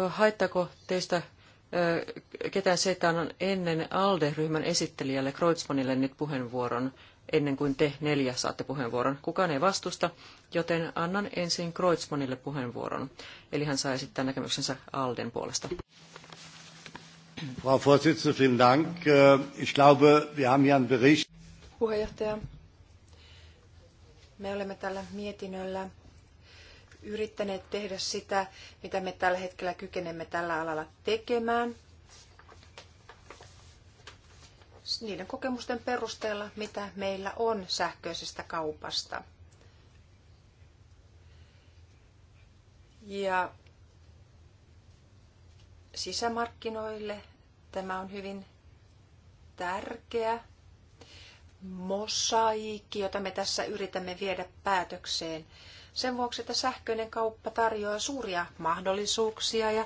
Haittako teistä ketään se, että annan ennen ALDE-ryhmän esittelijälle Kreutzmannille nyt puheenvuoron, ennen kuin te neljä saatte puheenvuoron. Kukaan ei vastusta, joten annan ensin Kreutzmannille puheenvuoron. Eli hän saa esittää näkemyksensä ALDEn puolesta. Frau Vorsitzende, vielen Dank. Äh, ich glaube, wir haben hier einen Bericht. Puheenjohtaja, me olemme tällä mietinnöllä yrittäneet tehdä sitä, mitä me tällä hetkellä kykenemme tällä alalla tekemään. Niiden kokemusten perusteella, mitä meillä on sähköisestä kaupasta. Ja sisämarkkinoille. Tämä on hyvin tärkeä mosaikki, jota me tässä yritämme viedä päätökseen. Sen vuoksi, että sähköinen kauppa tarjoaa suuria mahdollisuuksia ja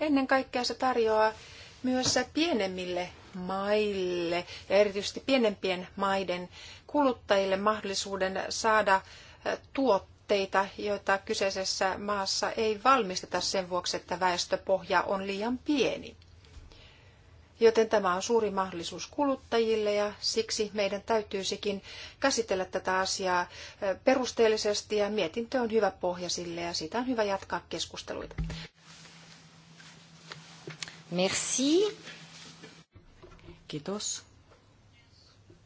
ennen kaikkea se tarjoaa myös pienemmille maille ja erityisesti pienempien maiden kuluttajille mahdollisuuden saada tuotteita tuotteita, joita kyseisessä maassa ei valmisteta sen vuoksi, että väestöpohja on liian pieni. Joten tämä on suuri mahdollisuus kuluttajille ja siksi meidän täytyisikin käsitellä tätä asiaa perusteellisesti ja mietintö on hyvä pohja sille ja siitä on hyvä jatkaa keskusteluita. Merci. Kiitos.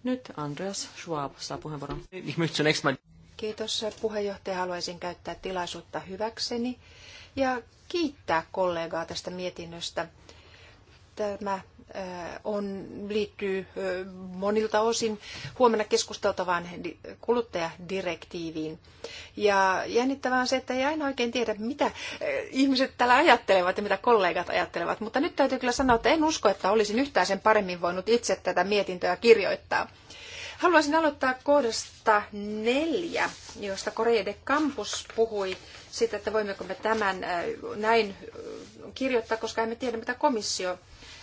Nyt Andreas Schwab saa puheenvuoron. Ich möchte zunächst mal Kiitos puheenjohtaja. Haluaisin käyttää tilaisuutta hyväkseni ja kiittää kollegaa tästä mietinnöstä. Tämä äh, on, liittyy äh, monilta osin huomenna keskusteltavaan kuluttajadirektiiviin. Ja jännittävää on se, että ei aina oikein tiedä, mitä äh, ihmiset täällä ajattelevat ja mitä kollegat ajattelevat. Mutta nyt täytyy kyllä sanoa, että en usko, että olisin yhtään sen paremmin voinut itse tätä mietintöä kirjoittaa. Haluaisin aloittaa kohdasta neljä, josta Korea de Campus puhui siitä, että voimmeko me tämän äh, näin äh, kirjoittaa, koska emme tiedä, mitä komissio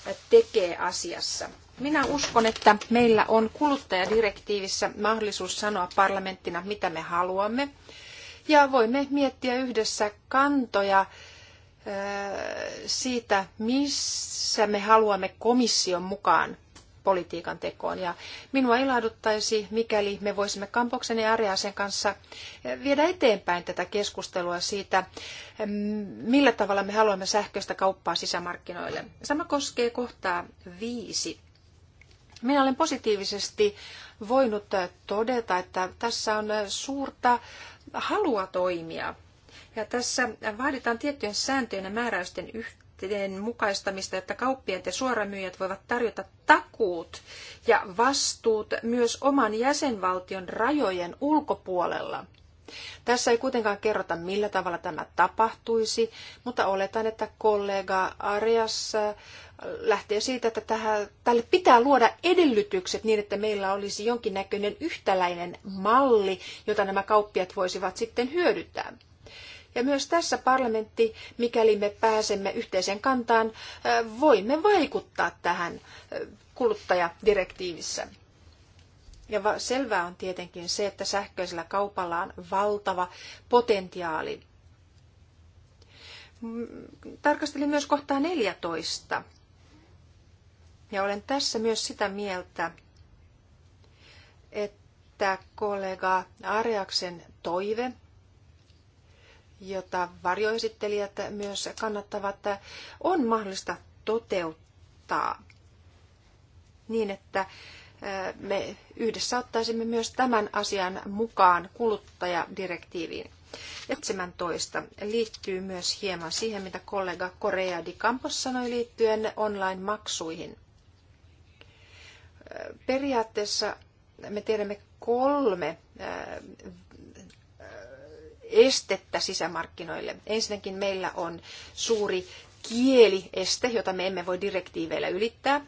äh, tekee asiassa. Minä uskon, että meillä on kuluttajadirektiivissä mahdollisuus sanoa parlamenttina, mitä me haluamme. Ja voimme miettiä yhdessä kantoja siitä, missä me haluamme komission mukaan politiikan tekoon. Ja minua ilahduttaisi, mikäli me voisimme Kampoksen ja Ariasen kanssa viedä eteenpäin tätä keskustelua siitä, mm, millä tavalla me haluamme sähköistä kauppaa sisämarkkinoille. Sama koskee kohtaa viisi. Minä olen positiivisesti voinut todeta, että tässä on suurta halua toimia. Ja tässä vaaditaan tiettyjen sääntöjen ja määräysten yhteyttä sääntöjen mukaistamista, jotta kauppiaat ja suoramyyjät voivat tarjota takuut ja vastuut myös oman jäsenvaltion rajojen ulkopuolella. Tässä ei kuitenkaan kerrota, millä tavalla tämä tapahtuisi, mutta oletan, että kollega Arias äh, lähtee siitä, että tähän, tälle pitää luoda edellytykset niin, että meillä olisi jonkinnäköinen yhtäläinen malli, jota nämä kauppiat voisivat sitten hyödyntää. Ja myös tässä parlamentti, mikäli me pääsemme yhteiseen kantaan, voimme vaikuttaa tähän kuluttajadirektiivissä. Ja selvää on tietenkin se, että sähköisellä kaupalla on valtava potentiaali. Tarkastelin myös kohtaa 14. Ja olen tässä myös sitä mieltä, että kollega Ariaksen toive jota varjoesittelijät myös kannattavat, on mahdollista toteuttaa niin, että me yhdessä ottaisimme myös tämän asian mukaan kuluttajadirektiiviin. 17 liittyy myös hieman siihen, mitä kollega Korea Di Campos sanoi liittyen online-maksuihin. Periaatteessa me tiedämme kolme estettä sisämarkkinoille. Ensinnäkin meillä on suuri kielieste, jota me emme voi direktiiveillä ylittää.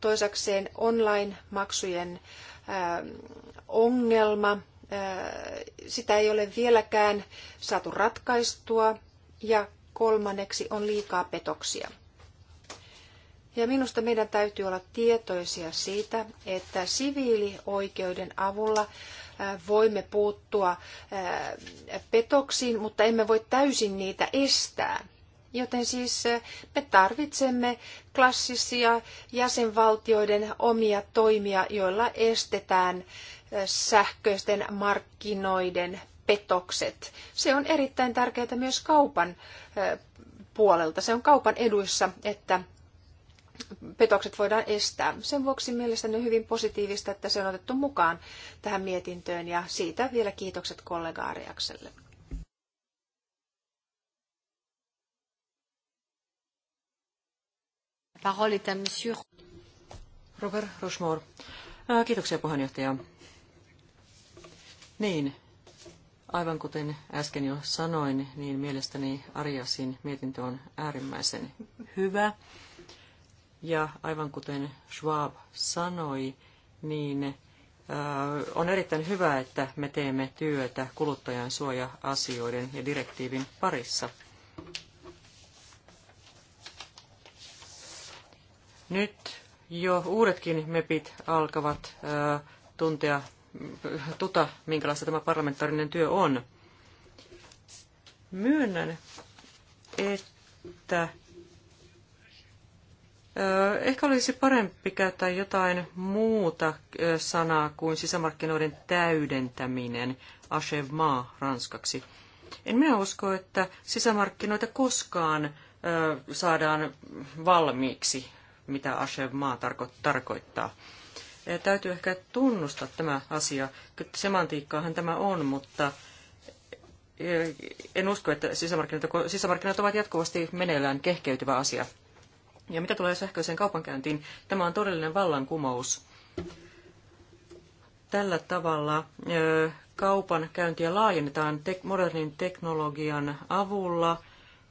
Toisakseen online-maksujen ähm, ongelma, äh, sitä ei ole vieläkään saatu ratkaistua. Ja kolmanneksi on liikaa petoksia. Ja minusta meidän täytyy olla tietoisia siitä, että siviilioikeuden avulla voimme puuttua petoksiin, mutta emme voi täysin niitä estää. Joten siis me tarvitsemme klassisia jäsenvaltioiden omia toimia, joilla estetään sähköisten markkinoiden petokset. Se on erittäin tärkeää myös kaupan puolelta. Se on kaupan eduissa, että petokset voidaan estää. Sen vuoksi mielestäni on hyvin positiivista, että se on otettu mukaan tähän mietintöön ja siitä vielä kiitokset kollega Ariakselle. Parole monsieur Robert Rochemore. Äh, kiitoksia puheenjohtaja. Niin, aivan kuten äsken jo sanoin, niin mielestäni Ariasin mietintö on äärimmäisen hyvä. Ja aivan kuten Schwab sanoi, niin äh, on erittäin hyvä, että me teemme työtä kuluttajan suoja-asioiden ja direktiivin parissa. Nyt jo uudetkin MEPit alkavat äh, tuntea, äh, tuta, minkälaista tämä parlamentaarinen työ on. Myönnän, että Ehkä olisi parempi käyttää jotain muuta sanaa kuin sisämarkkinoiden täydentäminen, achèvement ranskaksi. En minä usko, että sisämarkkinoita koskaan saadaan valmiiksi, mitä achèvement tarko- tarkoittaa. Täytyy ehkä tunnustaa tämä asia. Semantiikkaahan tämä on, mutta en usko, että sisämarkkinat, sisämarkkinat ovat jatkuvasti meneillään kehkeytyvä asia. Ja mitä tulee sähköiseen kaupankäyntiin, tämä on todellinen vallankumous. Tällä tavalla kaupan käyntiä laajennetaan modernin teknologian avulla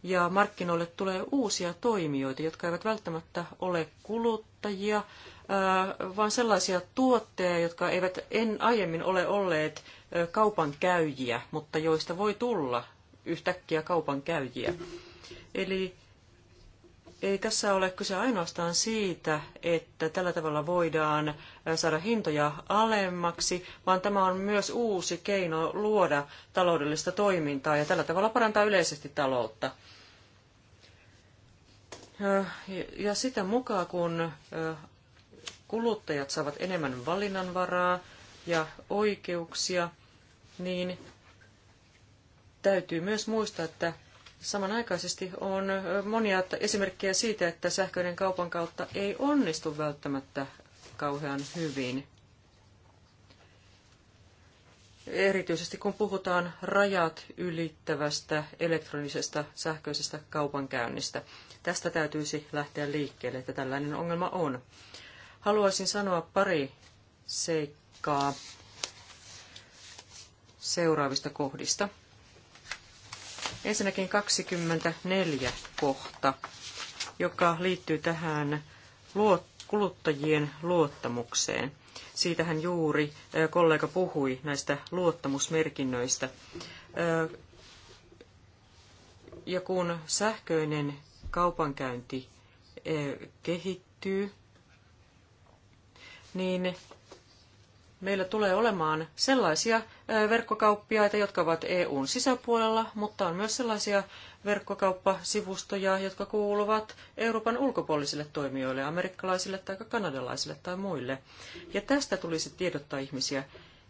ja markkinoille tulee uusia toimijoita, jotka eivät välttämättä ole kuluttajia, vaan sellaisia tuotteja, jotka eivät en aiemmin ole olleet kaupan käyjiä, mutta joista voi tulla yhtäkkiä kaupan käyjiä. Eli ei tässä ole kyse ainoastaan siitä, että tällä tavalla voidaan äh, saada hintoja alemmaksi, vaan tämä on myös uusi keino luoda taloudellista toimintaa ja tällä tavalla parantaa yleisesti taloutta. Äh, ja sitä mukaan, kun äh, kuluttajat saavat enemmän valinnanvaraa ja oikeuksia, niin täytyy myös muistaa, että Samanaikaisesti on monia esimerkkejä siitä, että sähköinen kaupan kautta ei onnistu välttämättä kauhean hyvin. Erityisesti kun puhutaan rajat ylittävästä elektronisesta sähköisestä kaupankäynnistä. Tästä täytyisi lähteä liikkeelle, että tällainen ongelma on. Haluaisin sanoa pari seikkaa seuraavista kohdista. Ensinnäkin 24 kohta, joka liittyy tähän kuluttajien luottamukseen. Siitähän juuri kollega puhui näistä luottamusmerkinnöistä. Ja kun sähköinen kaupankäynti kehittyy, niin meillä tulee olemaan sellaisia verkkokauppiaita, jotka ovat EUn sisäpuolella, mutta on myös sellaisia verkkokauppasivustoja, jotka kuuluvat Euroopan ulkopuolisille toimijoille, amerikkalaisille tai kanadalaisille tai muille. Ja tästä tulisi tiedottaa ihmisiä.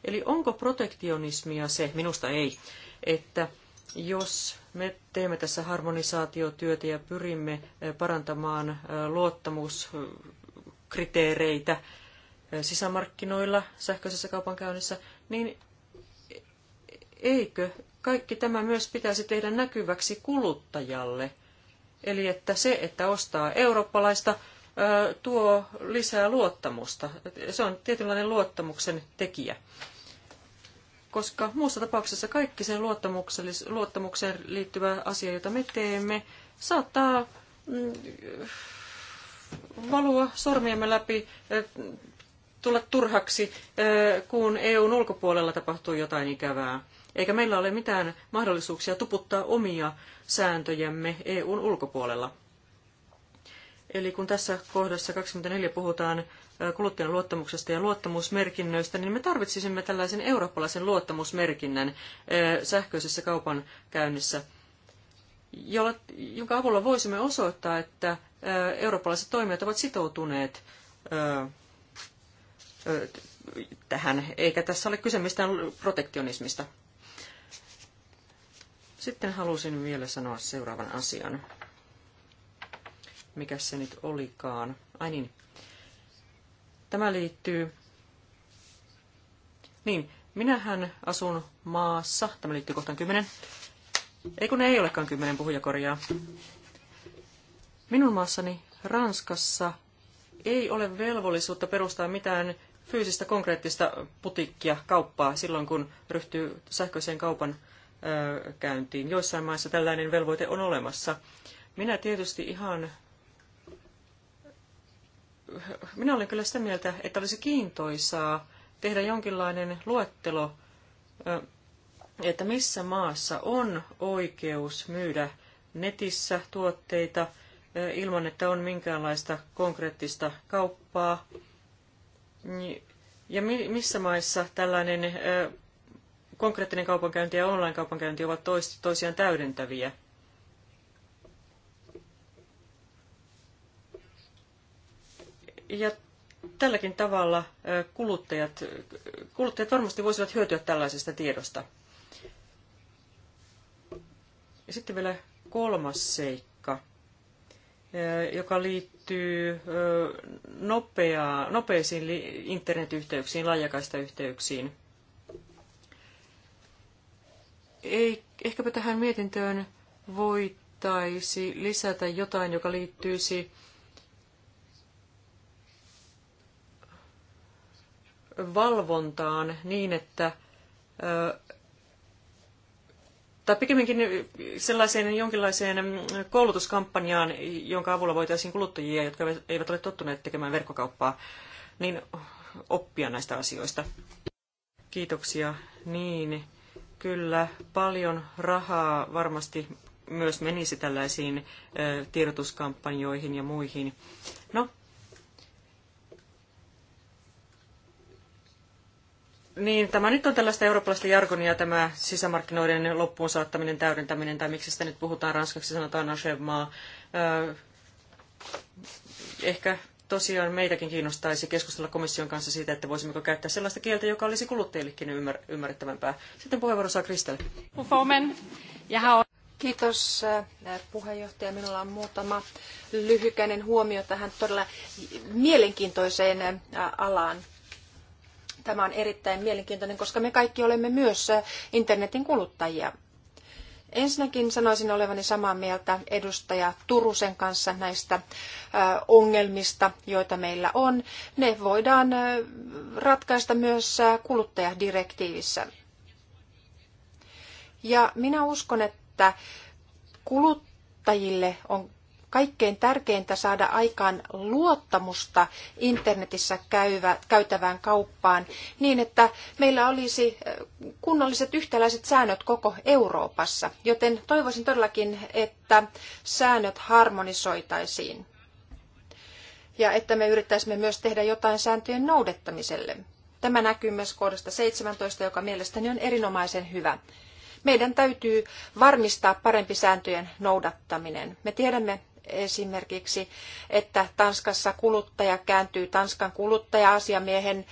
Eli onko protektionismia se, minusta ei, että jos me teemme tässä harmonisaatiotyötä ja pyrimme parantamaan luottamuskriteereitä, sisämarkkinoilla, sähköisessä kaupankäynnissä, niin eikö kaikki tämä myös pitäisi tehdä näkyväksi kuluttajalle? Eli että se, että ostaa eurooppalaista, tuo lisää luottamusta. Se on tietynlainen luottamuksen tekijä. Koska muussa tapauksessa kaikki sen luottamukseen liittyvä asia, jota me teemme, saattaa mm, valua sormiemme läpi tulla turhaksi, kun EUn ulkopuolella tapahtuu jotain ikävää. Eikä meillä ole mitään mahdollisuuksia tuputtaa omia sääntöjämme EUn ulkopuolella. Eli kun tässä kohdassa 24 puhutaan kuluttajan luottamuksesta ja luottamusmerkinnöistä, niin me tarvitsisimme tällaisen eurooppalaisen luottamusmerkinnän sähköisessä kaupan käynnissä, jolla, jonka avulla voisimme osoittaa, että eurooppalaiset toimijat ovat sitoutuneet tähän, eikä tässä ole kyse mistään protektionismista. Sitten halusin vielä sanoa seuraavan asian. Mikä se nyt olikaan? Ai niin. Tämä liittyy... Niin, minähän asun maassa. Tämä liittyy kohtaan kymmenen. Ei kun ei olekaan kymmenen puhujakorjaa. Minun maassani Ranskassa ei ole velvollisuutta perustaa mitään fyysistä konkreettista putikkia, kauppaa silloin, kun ryhtyy sähköiseen kaupan käyntiin. Joissain maissa tällainen velvoite on olemassa. Minä tietysti ihan... Minä olen kyllä sitä mieltä, että olisi kiintoisaa tehdä jonkinlainen luettelo, että missä maassa on oikeus myydä netissä tuotteita ilman, että on minkäänlaista konkreettista kauppaa ja missä maissa tällainen konkreettinen kaupankäynti ja online-kaupankäynti ovat toisiaan täydentäviä? Ja tälläkin tavalla kuluttajat, kuluttajat varmasti voisivat hyötyä tällaisesta tiedosta. Ja sitten vielä kolmas seikka. Eh, joka liittyy eh, nopeaa, nopeisiin internetyhteyksiin, laajakaistayhteyksiin. Ei, ehkäpä tähän mietintöön voitaisi lisätä jotain, joka liittyisi eh, valvontaan niin, että tai pikemminkin sellaiseen jonkinlaiseen koulutuskampanjaan, jonka avulla voitaisiin kuluttajia, jotka eivät ole tottuneet tekemään verkkokauppaa, niin oppia näistä asioista. Kiitoksia. Niin, kyllä paljon rahaa varmasti myös menisi tällaisiin tiedotuskampanjoihin ja muihin. No, Niin, tämä nyt on tällaista eurooppalaista jargonia, tämä sisämarkkinoiden loppuun saattaminen, täydentäminen, tai miksi sitä nyt puhutaan ranskaksi, sanotaan asemaa. Ehkä tosiaan meitäkin kiinnostaisi keskustella komission kanssa siitä, että voisimmeko käyttää sellaista kieltä, joka olisi kuluttajillekin ymmär- ymmärrettävämpää. Sitten puheenvuoro saa Kristel. Kiitos puheenjohtaja. Minulla on muutama lyhykäinen huomio tähän todella mielenkiintoiseen alaan. Tämä on erittäin mielenkiintoinen, koska me kaikki olemme myös äh, internetin kuluttajia. Ensinnäkin sanoisin olevani samaa mieltä edustaja Turusen kanssa näistä äh, ongelmista, joita meillä on. Ne voidaan äh, ratkaista myös kuluttajadirektiivissä. Ja minä uskon, että kuluttajille on kaikkein tärkeintä saada aikaan luottamusta internetissä käyvä, käytävään kauppaan niin, että meillä olisi eh, kunnolliset yhtäläiset säännöt koko Euroopassa. Joten toivoisin todellakin, että säännöt harmonisoitaisiin ja että me yrittäisimme myös tehdä jotain sääntöjen noudattamiselle. Tämä näkyy myös kohdasta 17, joka mielestäni on erinomaisen hyvä. Meidän täytyy varmistaa parempi sääntöjen noudattaminen. Me tiedämme, esimerkiksi, että Tanskassa kuluttaja kääntyy Tanskan kuluttaja-asiamiehen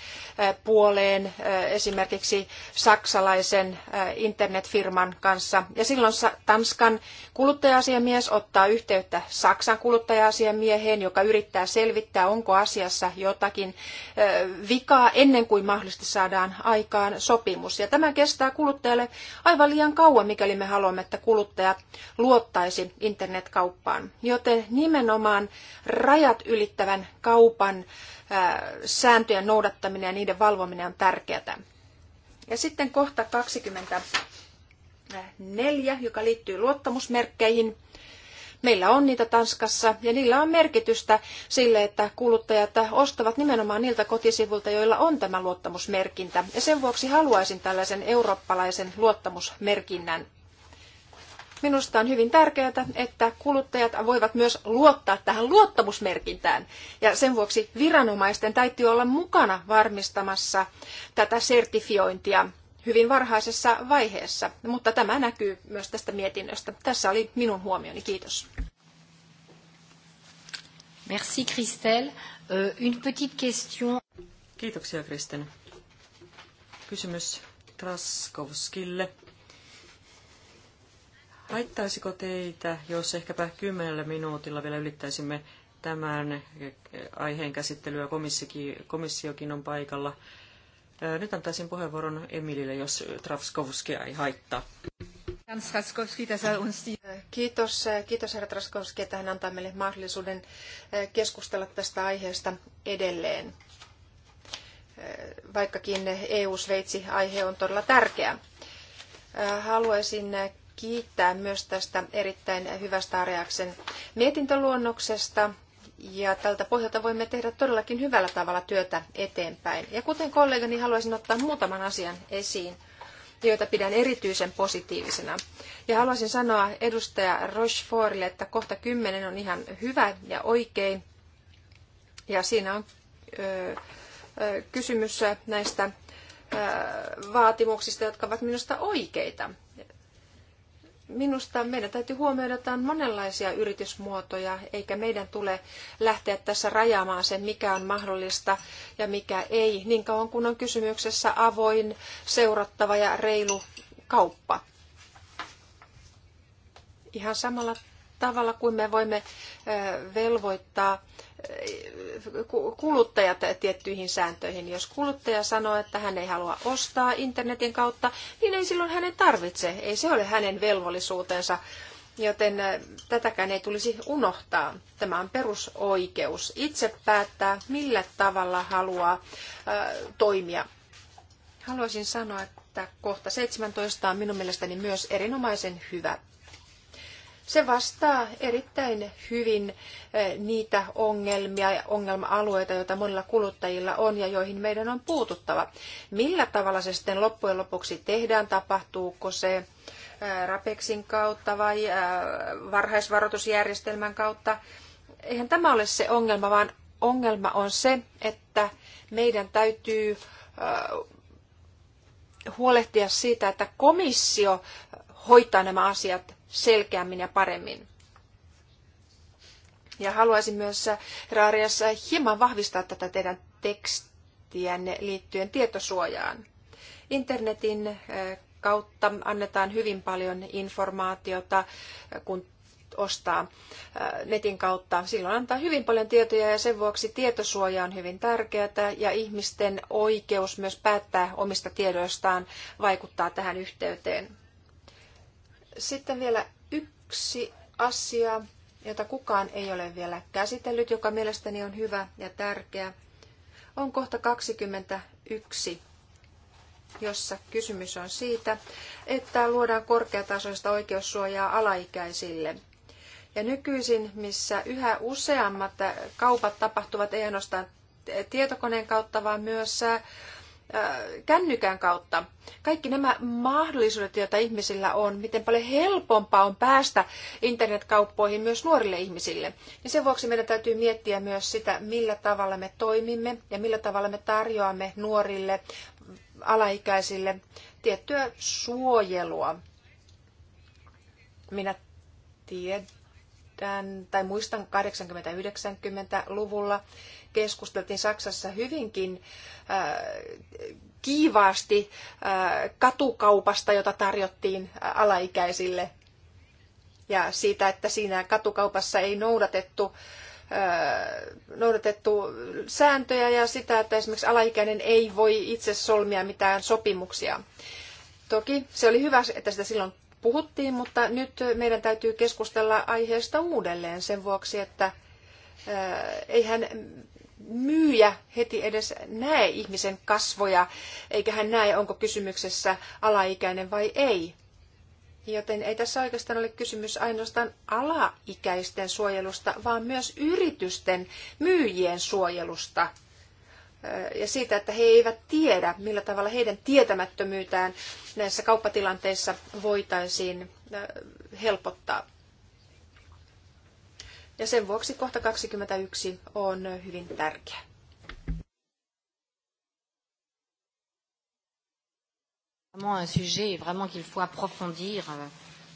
puoleen esimerkiksi saksalaisen internetfirman kanssa. Ja silloin Tanskan kuluttaja-asiamies ottaa yhteyttä Saksan kuluttaja-asiamieheen, joka yrittää selvittää, onko asiassa jotakin vikaa ennen kuin mahdollisesti saadaan aikaan sopimus. Ja tämä kestää kuluttajalle aivan liian kauan, mikäli me haluamme, että kuluttaja luottaisi internetkauppaan. Joten nimenomaan rajat ylittävän kaupan sääntöjen noudattaminen ja niiden valvominen on tärkeää. Ja sitten kohta 24, joka liittyy luottamusmerkkeihin. Meillä on niitä Tanskassa ja niillä on merkitystä sille, että kuluttajat ostavat nimenomaan niiltä kotisivuilta, joilla on tämä luottamusmerkintä. Ja sen vuoksi haluaisin tällaisen eurooppalaisen luottamusmerkinnän. Minusta on hyvin tärkeää, että kuluttajat voivat myös luottaa tähän luottamusmerkintään. Ja sen vuoksi viranomaisten täytyy olla mukana varmistamassa tätä sertifiointia hyvin varhaisessa vaiheessa. Mutta tämä näkyy myös tästä mietinnöstä. Tässä oli minun huomioni. Kiitos. Merci Christelle. Euh, une petite question. Kiitoksia Kristen. Kysymys Traskovskille. Haittaisiko teitä, jos ehkäpä kymmenellä minuutilla vielä ylittäisimme tämän eh, aiheen käsittelyä? Komissiokin on paikalla. Eh, nyt antaisin puheenvuoron Emilille, jos Trafskovskia ei haittaa. Eh, kiitos, kiitos herra Traskowski, että hän antaa meille mahdollisuuden keskustella tästä aiheesta edelleen. Vaikkakin EU-Sveitsi-aihe on todella tärkeä. Haluaisin kiittää myös tästä erittäin hyvästä Areaksen mietintöluonnoksesta. Ja tältä pohjalta voimme tehdä todellakin hyvällä tavalla työtä eteenpäin. Ja kuten kollegani, haluaisin ottaa muutaman asian esiin, joita pidän erityisen positiivisena. Ja haluaisin sanoa edustaja Rochefortille, että kohta kymmenen on ihan hyvä ja oikein. Ja siinä on ö, ö, kysymys näistä ö, vaatimuksista, jotka ovat minusta oikeita minusta meidän täytyy huomioida, että on monenlaisia yritysmuotoja, eikä meidän tule lähteä tässä rajaamaan sen, mikä on mahdollista ja mikä ei, niin kauan kun on kysymyksessä avoin, seurattava ja reilu kauppa. Ihan samalla tavalla kuin me voimme velvoittaa kuluttajat tiettyihin sääntöihin. Jos kuluttaja sanoo, että hän ei halua ostaa internetin kautta, niin ei silloin hänen tarvitse. Ei se ole hänen velvollisuutensa, joten tätäkään ei tulisi unohtaa. Tämä on perusoikeus. Itse päättää, millä tavalla haluaa toimia. Haluaisin sanoa, että kohta 17 on minun mielestäni myös erinomaisen hyvä se vastaa erittäin hyvin eh, niitä ongelmia ja ongelma-alueita, joita monilla kuluttajilla on ja joihin meidän on puututtava. Millä tavalla se sitten loppujen lopuksi tehdään, tapahtuuko se eh, RAPEXin kautta vai eh, varhaisvaroitusjärjestelmän kautta, eihän tämä ole se ongelma, vaan ongelma on se, että meidän täytyy huolehtia siitä, että komissio hoitaa nämä asiat selkeämmin ja paremmin. Ja haluaisin myös, äh, herra Arias, äh, hieman vahvistaa tätä teidän tekstiänne liittyen tietosuojaan. Internetin äh, kautta annetaan hyvin paljon informaatiota, kun ostaa netin kautta. Silloin antaa hyvin paljon tietoja ja sen vuoksi tietosuoja on hyvin tärkeää ja ihmisten oikeus myös päättää omista tiedoistaan vaikuttaa tähän yhteyteen. Sitten vielä yksi asia, jota kukaan ei ole vielä käsitellyt, joka mielestäni on hyvä ja tärkeä, on kohta 21, jossa kysymys on siitä, että luodaan korkeatasoista oikeussuojaa alaikäisille. Ja nykyisin, missä yhä useammat kaupat tapahtuvat ei ainoastaan tietokoneen kautta, vaan myös kännykän kautta. Kaikki nämä mahdollisuudet, joita ihmisillä on, miten paljon helpompaa on päästä internetkauppoihin myös nuorille ihmisille. Ja sen vuoksi meidän täytyy miettiä myös sitä, millä tavalla me toimimme ja millä tavalla me tarjoamme nuorille, alaikäisille tiettyä suojelua. Minä tiedän tai muistan 80-90-luvulla keskusteltiin Saksassa hyvinkin äh, kiivaasti äh, katukaupasta, jota tarjottiin äh, alaikäisille. Ja siitä, että siinä katukaupassa ei noudatettu noudatettu sääntöjä ja sitä, että esimerkiksi alaikäinen ei voi itse solmia mitään sopimuksia. Toki se oli hyvä, että sitä silloin puhuttiin, mutta nyt meidän täytyy keskustella aiheesta uudelleen sen vuoksi, että eihän myyjä heti edes näe ihmisen kasvoja, eikä hän näe, onko kysymyksessä alaikäinen vai ei. Joten ei tässä oikeastaan ole kysymys ainoastaan alaikäisten suojelusta, vaan myös yritysten myyjien suojelusta ja siitä, että he eivät tiedä, millä tavalla heidän tietämättömyytään näissä kauppatilanteissa voitaisiin helpottaa. Ja sen vuoksi kohta 21 on hyvin tärkeä. un sujet vraiment qu'il faut approfondir euh,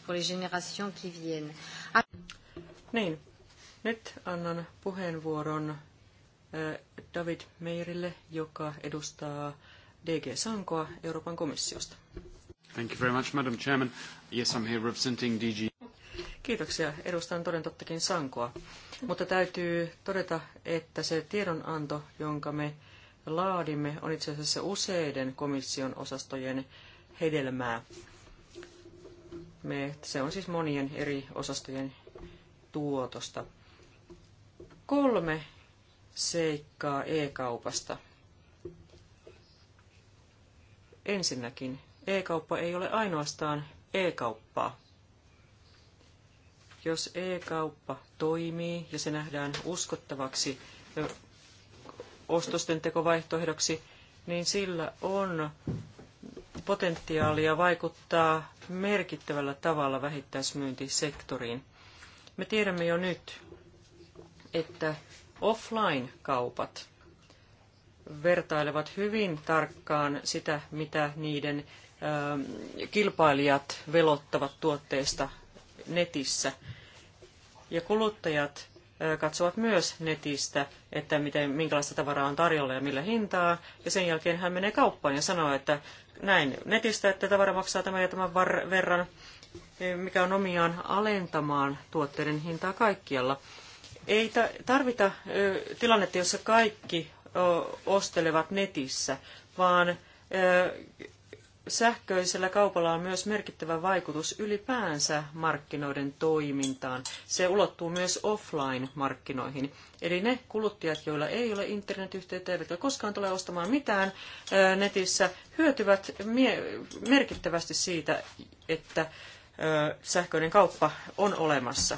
pour les générations qui viennent. Ah. Niin. Nyt annan puheenvuoron äh, David Meirille, joka edustaa DG Sankoa Euroopan komissiosta. Thank you very much, Madam Chairman. Yes, I'm here representing DG Kiitoksia. Edustan toden tottakin Sankoa. Mutta täytyy todeta, että se tiedonanto, jonka me laadimme, on itse asiassa useiden komission osastojen hedelmää. Me, se on siis monien eri osastojen tuotosta. Kolme seikkaa e-kaupasta. Ensinnäkin, e-kauppa ei ole ainoastaan e-kauppaa. Jos e-kauppa toimii ja se nähdään uskottavaksi ostosten tekovaihtoehdoksi, niin sillä on potentiaalia vaikuttaa merkittävällä tavalla vähittäismyyntisektoriin. Me tiedämme jo nyt, että offline-kaupat vertailevat hyvin tarkkaan sitä, mitä niiden kilpailijat velottavat tuotteista netissä. Ja kuluttajat katsovat myös netistä, että miten, minkälaista tavaraa on tarjolla ja millä hintaa. Ja sen jälkeen hän menee kauppaan ja sanoo, että näin netistä, että tavara maksaa tämän ja tämän verran, e, mikä on omiaan alentamaan tuotteiden hintaa kaikkialla. Ei tarvita tilannetta, jossa kaikki ostelevat netissä, vaan Sähköisellä kaupalla on myös merkittävä vaikutus ylipäänsä markkinoiden toimintaan. Se ulottuu myös offline-markkinoihin. Eli ne kuluttajat, joilla ei ole internetyhteyttä eivätkä koskaan tule ostamaan mitään netissä, hyötyvät merkittävästi siitä, että sähköinen kauppa on olemassa,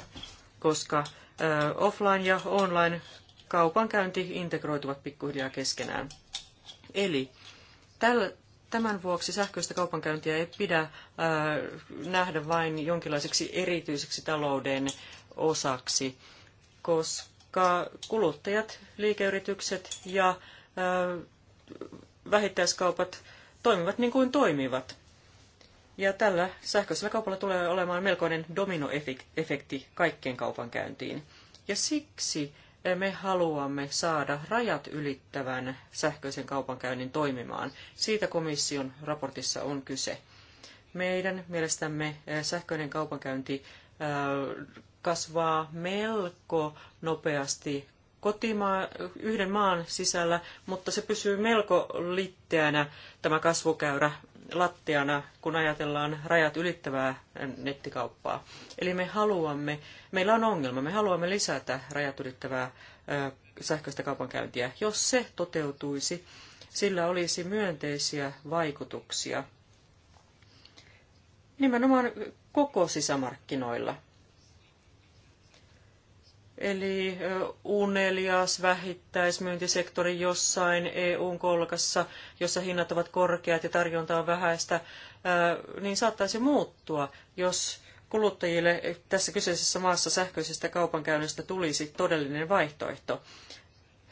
koska offline- ja online-kaupankäynti integroituvat pikkuhiljaa keskenään. Eli Tämän vuoksi sähköistä kaupankäyntiä ei pidä äh, nähdä vain jonkinlaiseksi erityiseksi talouden osaksi, koska kuluttajat, liikeyritykset ja äh, vähittäiskaupat toimivat niin kuin toimivat. Ja tällä sähköisellä kaupalla tulee olemaan melkoinen dominoefekti kaikkeen kaupankäyntiin. Ja siksi me haluamme saada rajat ylittävän sähköisen kaupankäynnin toimimaan. Siitä komission raportissa on kyse. Meidän mielestämme eh, sähköinen kaupankäynti eh, kasvaa melko nopeasti kotimaa, yhden maan sisällä, mutta se pysyy melko litteänä tämä kasvukäyrä lattiana, kun ajatellaan rajat ylittävää nettikauppaa. Eli me haluamme, meillä on ongelma, me haluamme lisätä rajat ylittävää sähköistä kaupankäyntiä. Jos se toteutuisi, sillä olisi myönteisiä vaikutuksia nimenomaan koko sisämarkkinoilla – Eli unelias vähittäismyyntisektori jossain EUn kolkassa, jossa hinnat ovat korkeat ja tarjonta on vähäistä, niin saattaisi muuttua, jos kuluttajille tässä kyseisessä maassa sähköisestä kaupankäynnistä tulisi todellinen vaihtoehto.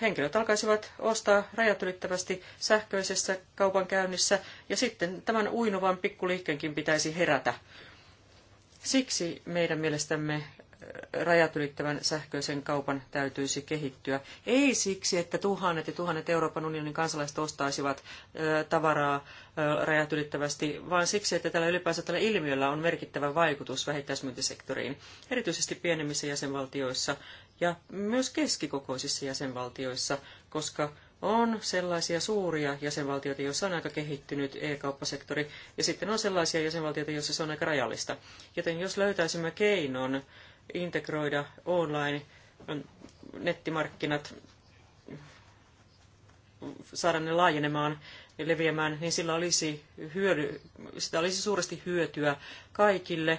Henkilöt alkaisivat ostaa rajat ylittävästi sähköisessä kaupankäynnissä ja sitten tämän uinuvan pikkuliikkeenkin pitäisi herätä. Siksi meidän mielestämme rajat ylittävän sähköisen kaupan täytyisi kehittyä. Ei siksi, että tuhannet ja tuhannet Euroopan unionin kansalaiset ostaisivat tavaraa rajat ylittävästi, vaan siksi, että tällä ylipäänsä tällä ilmiöllä on merkittävä vaikutus vähittäismyyntisektoriin, erityisesti pienemmissä jäsenvaltioissa ja myös keskikokoisissa jäsenvaltioissa, koska on sellaisia suuria jäsenvaltioita, joissa on aika kehittynyt e-kauppasektori, ja sitten on sellaisia jäsenvaltioita, joissa se on aika rajallista. Joten jos löytäisimme keinon integroida online nettimarkkinat, saada ne laajenemaan ja leviämään, niin sillä olisi, hyödy, sitä olisi suuresti hyötyä kaikille,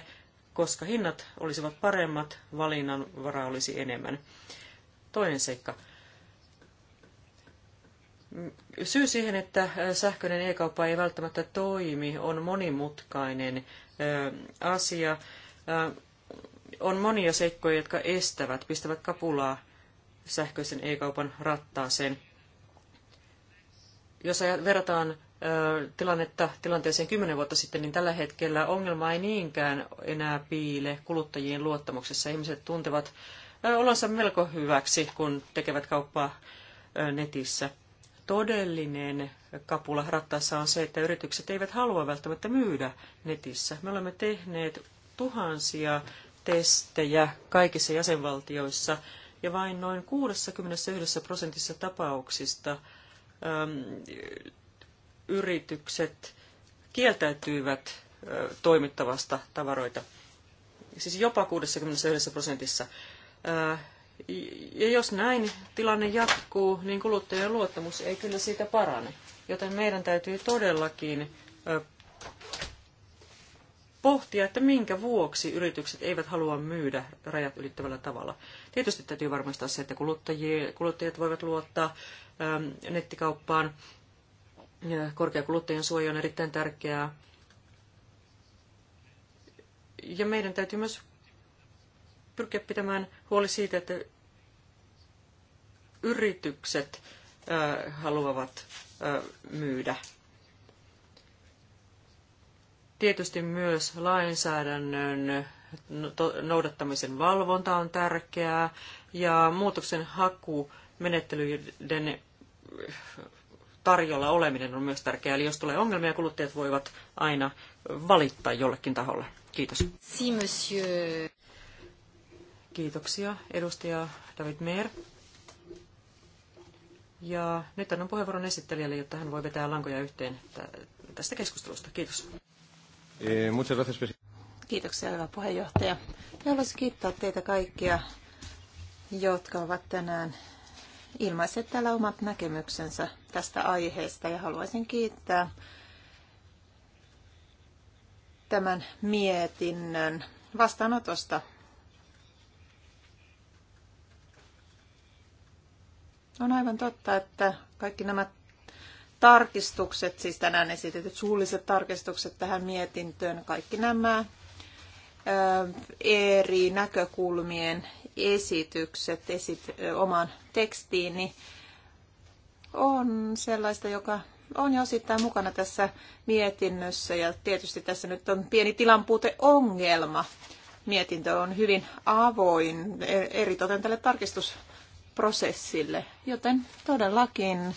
koska hinnat olisivat paremmat, valinnanvaraa olisi enemmän. Toinen seikka. Syy siihen, että sähköinen e-kauppa ei välttämättä toimi, on monimutkainen asia on monia seikkoja, jotka estävät, pistävät kapulaa sähköisen e-kaupan rattaaseen. Jos verrataan tilannetta tilanteeseen kymmenen vuotta sitten, niin tällä hetkellä ongelma ei niinkään enää piile kuluttajien luottamuksessa. Ihmiset tuntevat olonsa melko hyväksi, kun tekevät kauppaa netissä. Todellinen kapula rattaassa on se, että yritykset eivät halua välttämättä myydä netissä. Me olemme tehneet tuhansia testejä kaikissa jäsenvaltioissa ja vain noin 61 prosentissa tapauksista äm, yritykset kieltäytyivät ä, toimittavasta tavaroita. Siis jopa 61 prosentissa. Ä, ja jos näin tilanne jatkuu, niin kuluttajien luottamus ei kyllä siitä parane. Joten meidän täytyy todellakin pohtia, että minkä vuoksi yritykset eivät halua myydä rajat ylittävällä tavalla. Tietysti täytyy varmistaa se, että kuluttajat voivat luottaa ähm, nettikauppaan. Korkea kuluttajan suoja on erittäin tärkeää. Ja meidän täytyy myös pyrkiä pitämään huoli siitä, että yritykset äh, haluavat äh, myydä Tietysti myös lainsäädännön no- noudattamisen valvonta on tärkeää ja muutoksen hakumenettelyiden tarjolla oleminen on myös tärkeää. Eli jos tulee ongelmia, kuluttajat voivat aina valittaa jollekin taholle. Kiitos. Si, monsieur. Kiitoksia, edustaja David Meer. Ja nyt annan puheenvuoron esittelijälle, jotta hän voi vetää lankoja yhteen tästä keskustelusta. Kiitos. Eh, Kiitoksia, hyvä puheenjohtaja. Ja haluaisin kiittää teitä kaikkia, jotka ovat tänään ilmaisseet täällä omat näkemyksensä tästä aiheesta. Ja haluaisin kiittää tämän mietinnön vastaanotosta. On aivan totta, että kaikki nämä tarkistukset, siis tänään esitetyt suulliset tarkistukset tähän mietintöön, kaikki nämä eri näkökulmien esitykset esit, oman tekstiini on sellaista, joka on jo osittain mukana tässä mietinnössä ja tietysti tässä nyt on pieni tilanpuuteongelma. Mietintö on hyvin avoin e-, eritoten tälle tarkistusprosessille, joten todellakin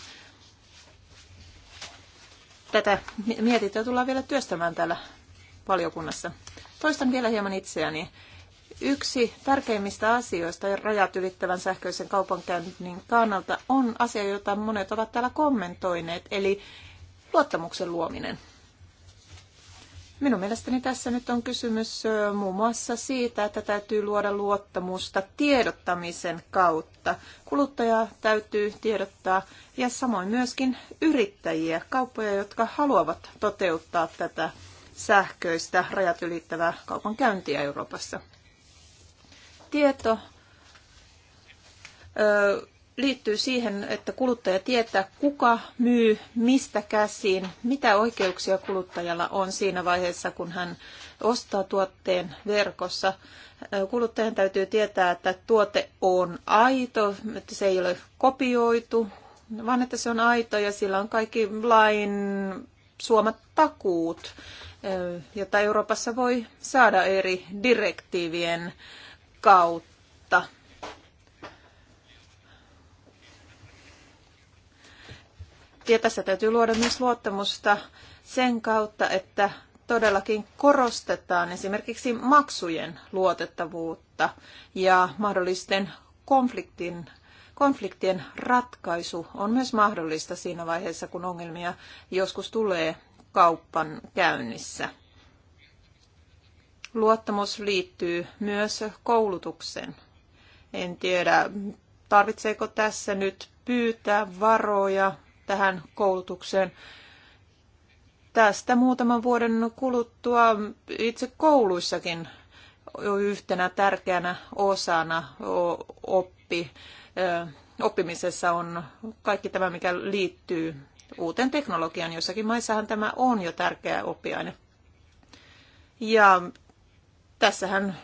tätä mietintöä tullaan vielä työstämään täällä valiokunnassa. Toistan vielä hieman itseäni. Yksi tärkeimmistä asioista rajat ylittävän sähköisen kaupankäynnin kannalta on asia, jota monet ovat täällä kommentoineet, eli luottamuksen luominen. Minun mielestäni tässä nyt on kysymys muun muassa siitä, että täytyy luoda luottamusta tiedottamisen kautta. Kuluttaja täytyy tiedottaa ja samoin myöskin yrittäjiä, kauppoja, jotka haluavat toteuttaa tätä sähköistä rajat ylittävää kaupankäyntiä Euroopassa. Tieto liittyy siihen, että kuluttaja tietää, kuka myy, mistä käsiin, mitä oikeuksia kuluttajalla on siinä vaiheessa, kun hän ostaa tuotteen verkossa. Kuluttajan täytyy tietää, että tuote on aito, että se ei ole kopioitu, vaan että se on aito ja sillä on kaikki lain suomat takuut, jota Euroopassa voi saada eri direktiivien kautta Ja tässä täytyy luoda myös luottamusta sen kautta, että todellakin korostetaan esimerkiksi maksujen luotettavuutta ja mahdollisten konfliktin, konfliktien ratkaisu on myös mahdollista siinä vaiheessa, kun ongelmia joskus tulee kauppan käynnissä. Luottamus liittyy myös koulutukseen. En tiedä, tarvitseeko tässä nyt pyytää varoja tähän koulutukseen. Tästä muutaman vuoden kuluttua itse kouluissakin yhtenä tärkeänä osana oppi, oppimisessa on kaikki tämä, mikä liittyy uuteen teknologiaan. Jossakin maissahan tämä on jo tärkeä oppiaine. Ja tässähän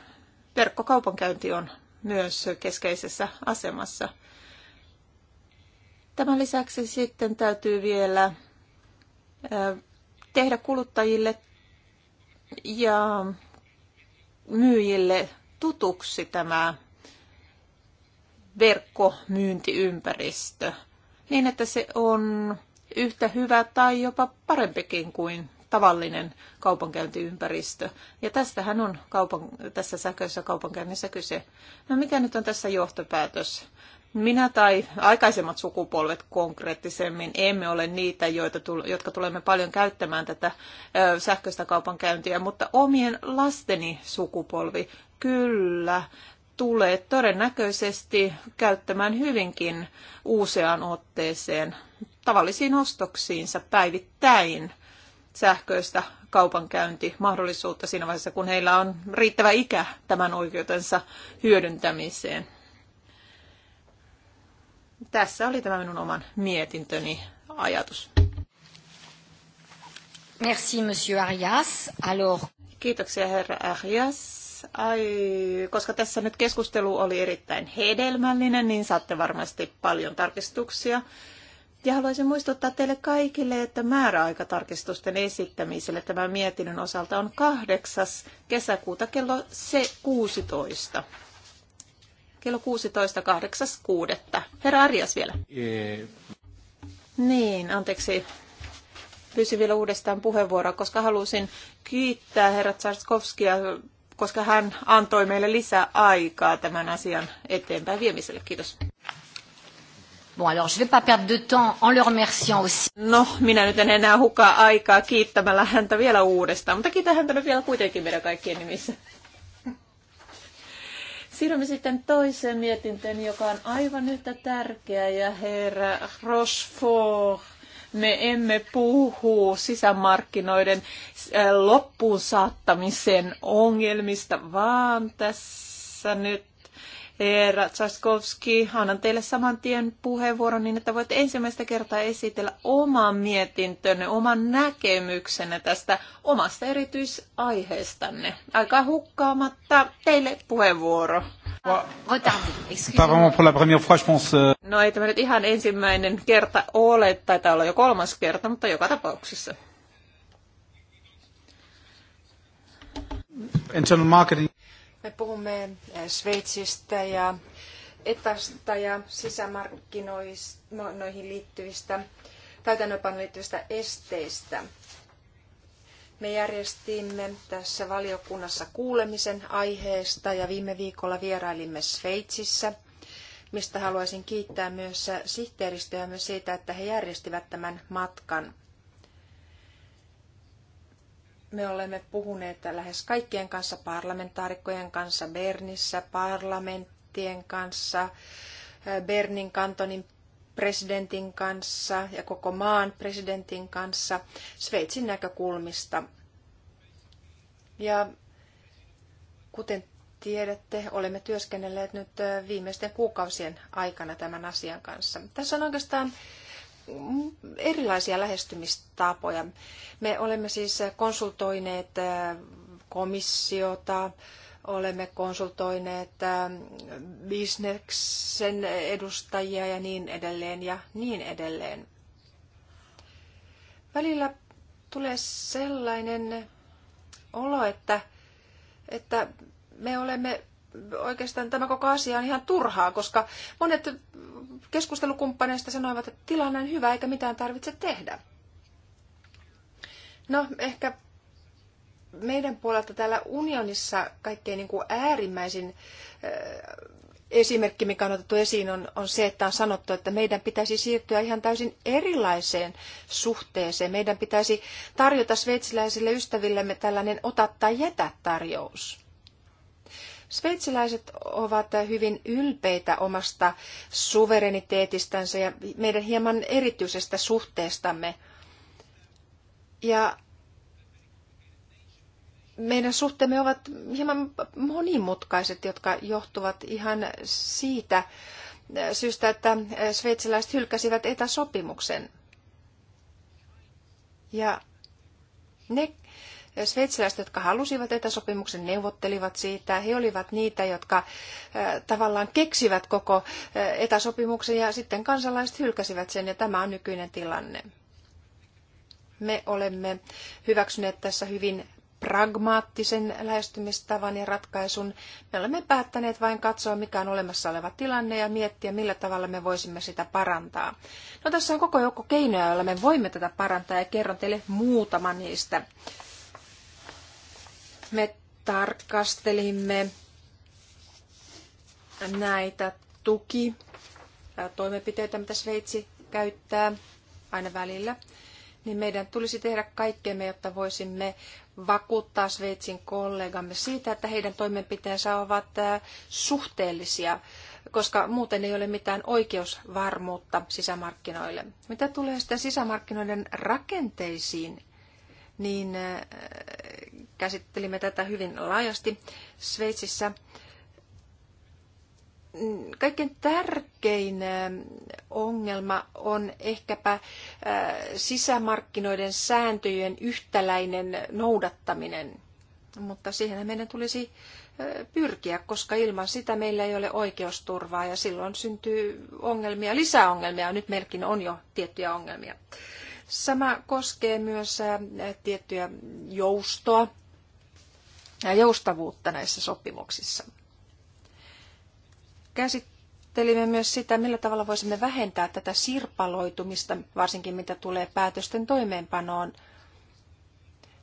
verkkokaupankäynti on myös keskeisessä asemassa – Tämän lisäksi sitten täytyy vielä tehdä kuluttajille ja myyjille tutuksi tämä verkkomyyntiympäristö niin, että se on yhtä hyvä tai jopa parempikin kuin tavallinen kaupankäyntiympäristö. Ja tästähän on kaupan, tässä sähköisessä kaupankäynnissä kyse. No mikä nyt on tässä johtopäätös? minä tai aikaisemmat sukupolvet konkreettisemmin emme ole niitä, joita, jotka tulemme paljon käyttämään tätä sähköistä kaupankäyntiä, mutta omien lasteni sukupolvi kyllä tulee todennäköisesti käyttämään hyvinkin useaan otteeseen tavallisiin ostoksiinsa päivittäin sähköistä kaupankäyntimahdollisuutta siinä vaiheessa, kun heillä on riittävä ikä tämän oikeutensa hyödyntämiseen tässä oli tämä minun oman mietintöni ajatus. Merci, monsieur Arias. Alors... Kiitoksia, herra Arias. Ai, koska tässä nyt keskustelu oli erittäin hedelmällinen, niin saatte varmasti paljon tarkistuksia. Ja haluaisin muistuttaa teille kaikille, että määräaika tarkistusten esittämiselle tämän mietinnön osalta on 8. kesäkuuta kello 16 kello 16.8.6. Herra Arias vielä. niin, anteeksi. Pyysin vielä uudestaan puheenvuoroa, koska halusin kiittää herra Tsarskovskia, koska hän antoi meille lisää aikaa tämän asian eteenpäin viemiselle. Kiitos. Bon, alors je vais pas perdre de temps en le remerciant aussi. No, minä nyt en enää hukaa aikaa kiittämällä häntä vielä uudestaan, mutta kiitän häntä nyt vielä kuitenkin meidän kaikkien nimissä. Siirrymme sitten toiseen mietintöön, joka on aivan yhtä tärkeä ja herra Rochefort. Me emme puhu sisämarkkinoiden äh, loppuun saattamisen ongelmista, vaan tässä nyt Herra Tsarskovski, annan teille saman tien puheenvuoron niin, että voit ensimmäistä kertaa esitellä oman mietintönne, oman näkemyksenne tästä omasta erityisaiheestanne. aika hukkaamatta teille puheenvuoro. Euh. No ei tämä nyt ihan ensimmäinen kerta ole, taitaa olla jo kolmas kerta, mutta joka tapauksessa. Internal marketing. Me puhumme eh, Sveitsistä ja etasta ja sisämarkkinoihin liittyvistä täytäntöönpanoon liittyvistä esteistä. Me järjestimme tässä valiokunnassa kuulemisen aiheesta ja viime viikolla vierailimme Sveitsissä, mistä haluaisin kiittää myös sihteeristöämme siitä, että he järjestivät tämän matkan me olemme puhuneet lähes kaikkien kanssa, parlamentaarikkojen kanssa, Bernissä, parlamenttien kanssa, Bernin kantonin presidentin kanssa ja koko maan presidentin kanssa Sveitsin näkökulmista. Ja kuten tiedätte, olemme työskennelleet nyt viimeisten kuukausien aikana tämän asian kanssa. Tässä on oikeastaan erilaisia lähestymistapoja. Me olemme siis konsultoineet äh, komissiota, olemme konsultoineet äh, bisneksen edustajia ja niin edelleen ja niin edelleen. Välillä tulee sellainen olo, että, että me olemme oikeastaan tämä koko asia on ihan turhaa, koska monet keskustelukumppaneista sanoivat, että tilanne on hyvä eikä mitään tarvitse tehdä. No, ehkä meidän puolelta täällä unionissa kaikkein niin kuin äärimmäisin eh, esimerkki, mikä on otettu esiin, on, on se, että on sanottu, että meidän pitäisi siirtyä ihan täysin erilaiseen suhteeseen. Meidän pitäisi tarjota sveitsiläisille ystävillemme tällainen ota tai jätä tarjous. Sveitsiläiset ovat hyvin ylpeitä omasta suvereniteetistänsä ja meidän hieman erityisestä suhteestamme. Ja meidän suhteemme ovat hieman monimutkaiset, jotka johtuvat ihan siitä syystä, että sveitsiläiset hylkäsivät etäsopimuksen. Ja ne sveitsiläiset, jotka halusivat etäsopimuksen, neuvottelivat siitä. He olivat niitä, jotka äh, tavallaan keksivät koko äh, etäsopimuksen ja sitten kansalaiset hylkäsivät sen ja tämä on nykyinen tilanne. Me olemme hyväksyneet tässä hyvin pragmaattisen lähestymistavan ja ratkaisun. Me olemme päättäneet vain katsoa, mikä on olemassa oleva tilanne ja miettiä, millä tavalla me voisimme sitä parantaa. No tässä on koko joukko keinoja, joilla me voimme tätä parantaa ja kerron teille muutaman niistä me tarkastelimme näitä tuki toimenpiteitä, mitä Sveitsi käyttää aina välillä, niin meidän tulisi tehdä kaikkemme, jotta voisimme vakuuttaa Sveitsin kollegamme siitä, että heidän toimenpiteensä ovat suhteellisia, koska muuten ei ole mitään oikeusvarmuutta sisämarkkinoille. Mitä tulee sitten sisämarkkinoiden rakenteisiin, niin käsittelimme tätä hyvin laajasti Sveitsissä. Kaikkein tärkein ongelma on ehkäpä sisämarkkinoiden sääntöjen yhtäläinen noudattaminen. Mutta siihen meidän tulisi pyrkiä, koska ilman sitä meillä ei ole oikeusturvaa ja silloin syntyy ongelmia, lisäongelmia. Nyt meilläkin on jo tiettyjä ongelmia. Sama koskee myös tiettyä joustoa ja joustavuutta näissä sopimuksissa. Käsittelimme myös sitä, millä tavalla voisimme vähentää tätä sirpaloitumista, varsinkin mitä tulee päätösten toimeenpanoon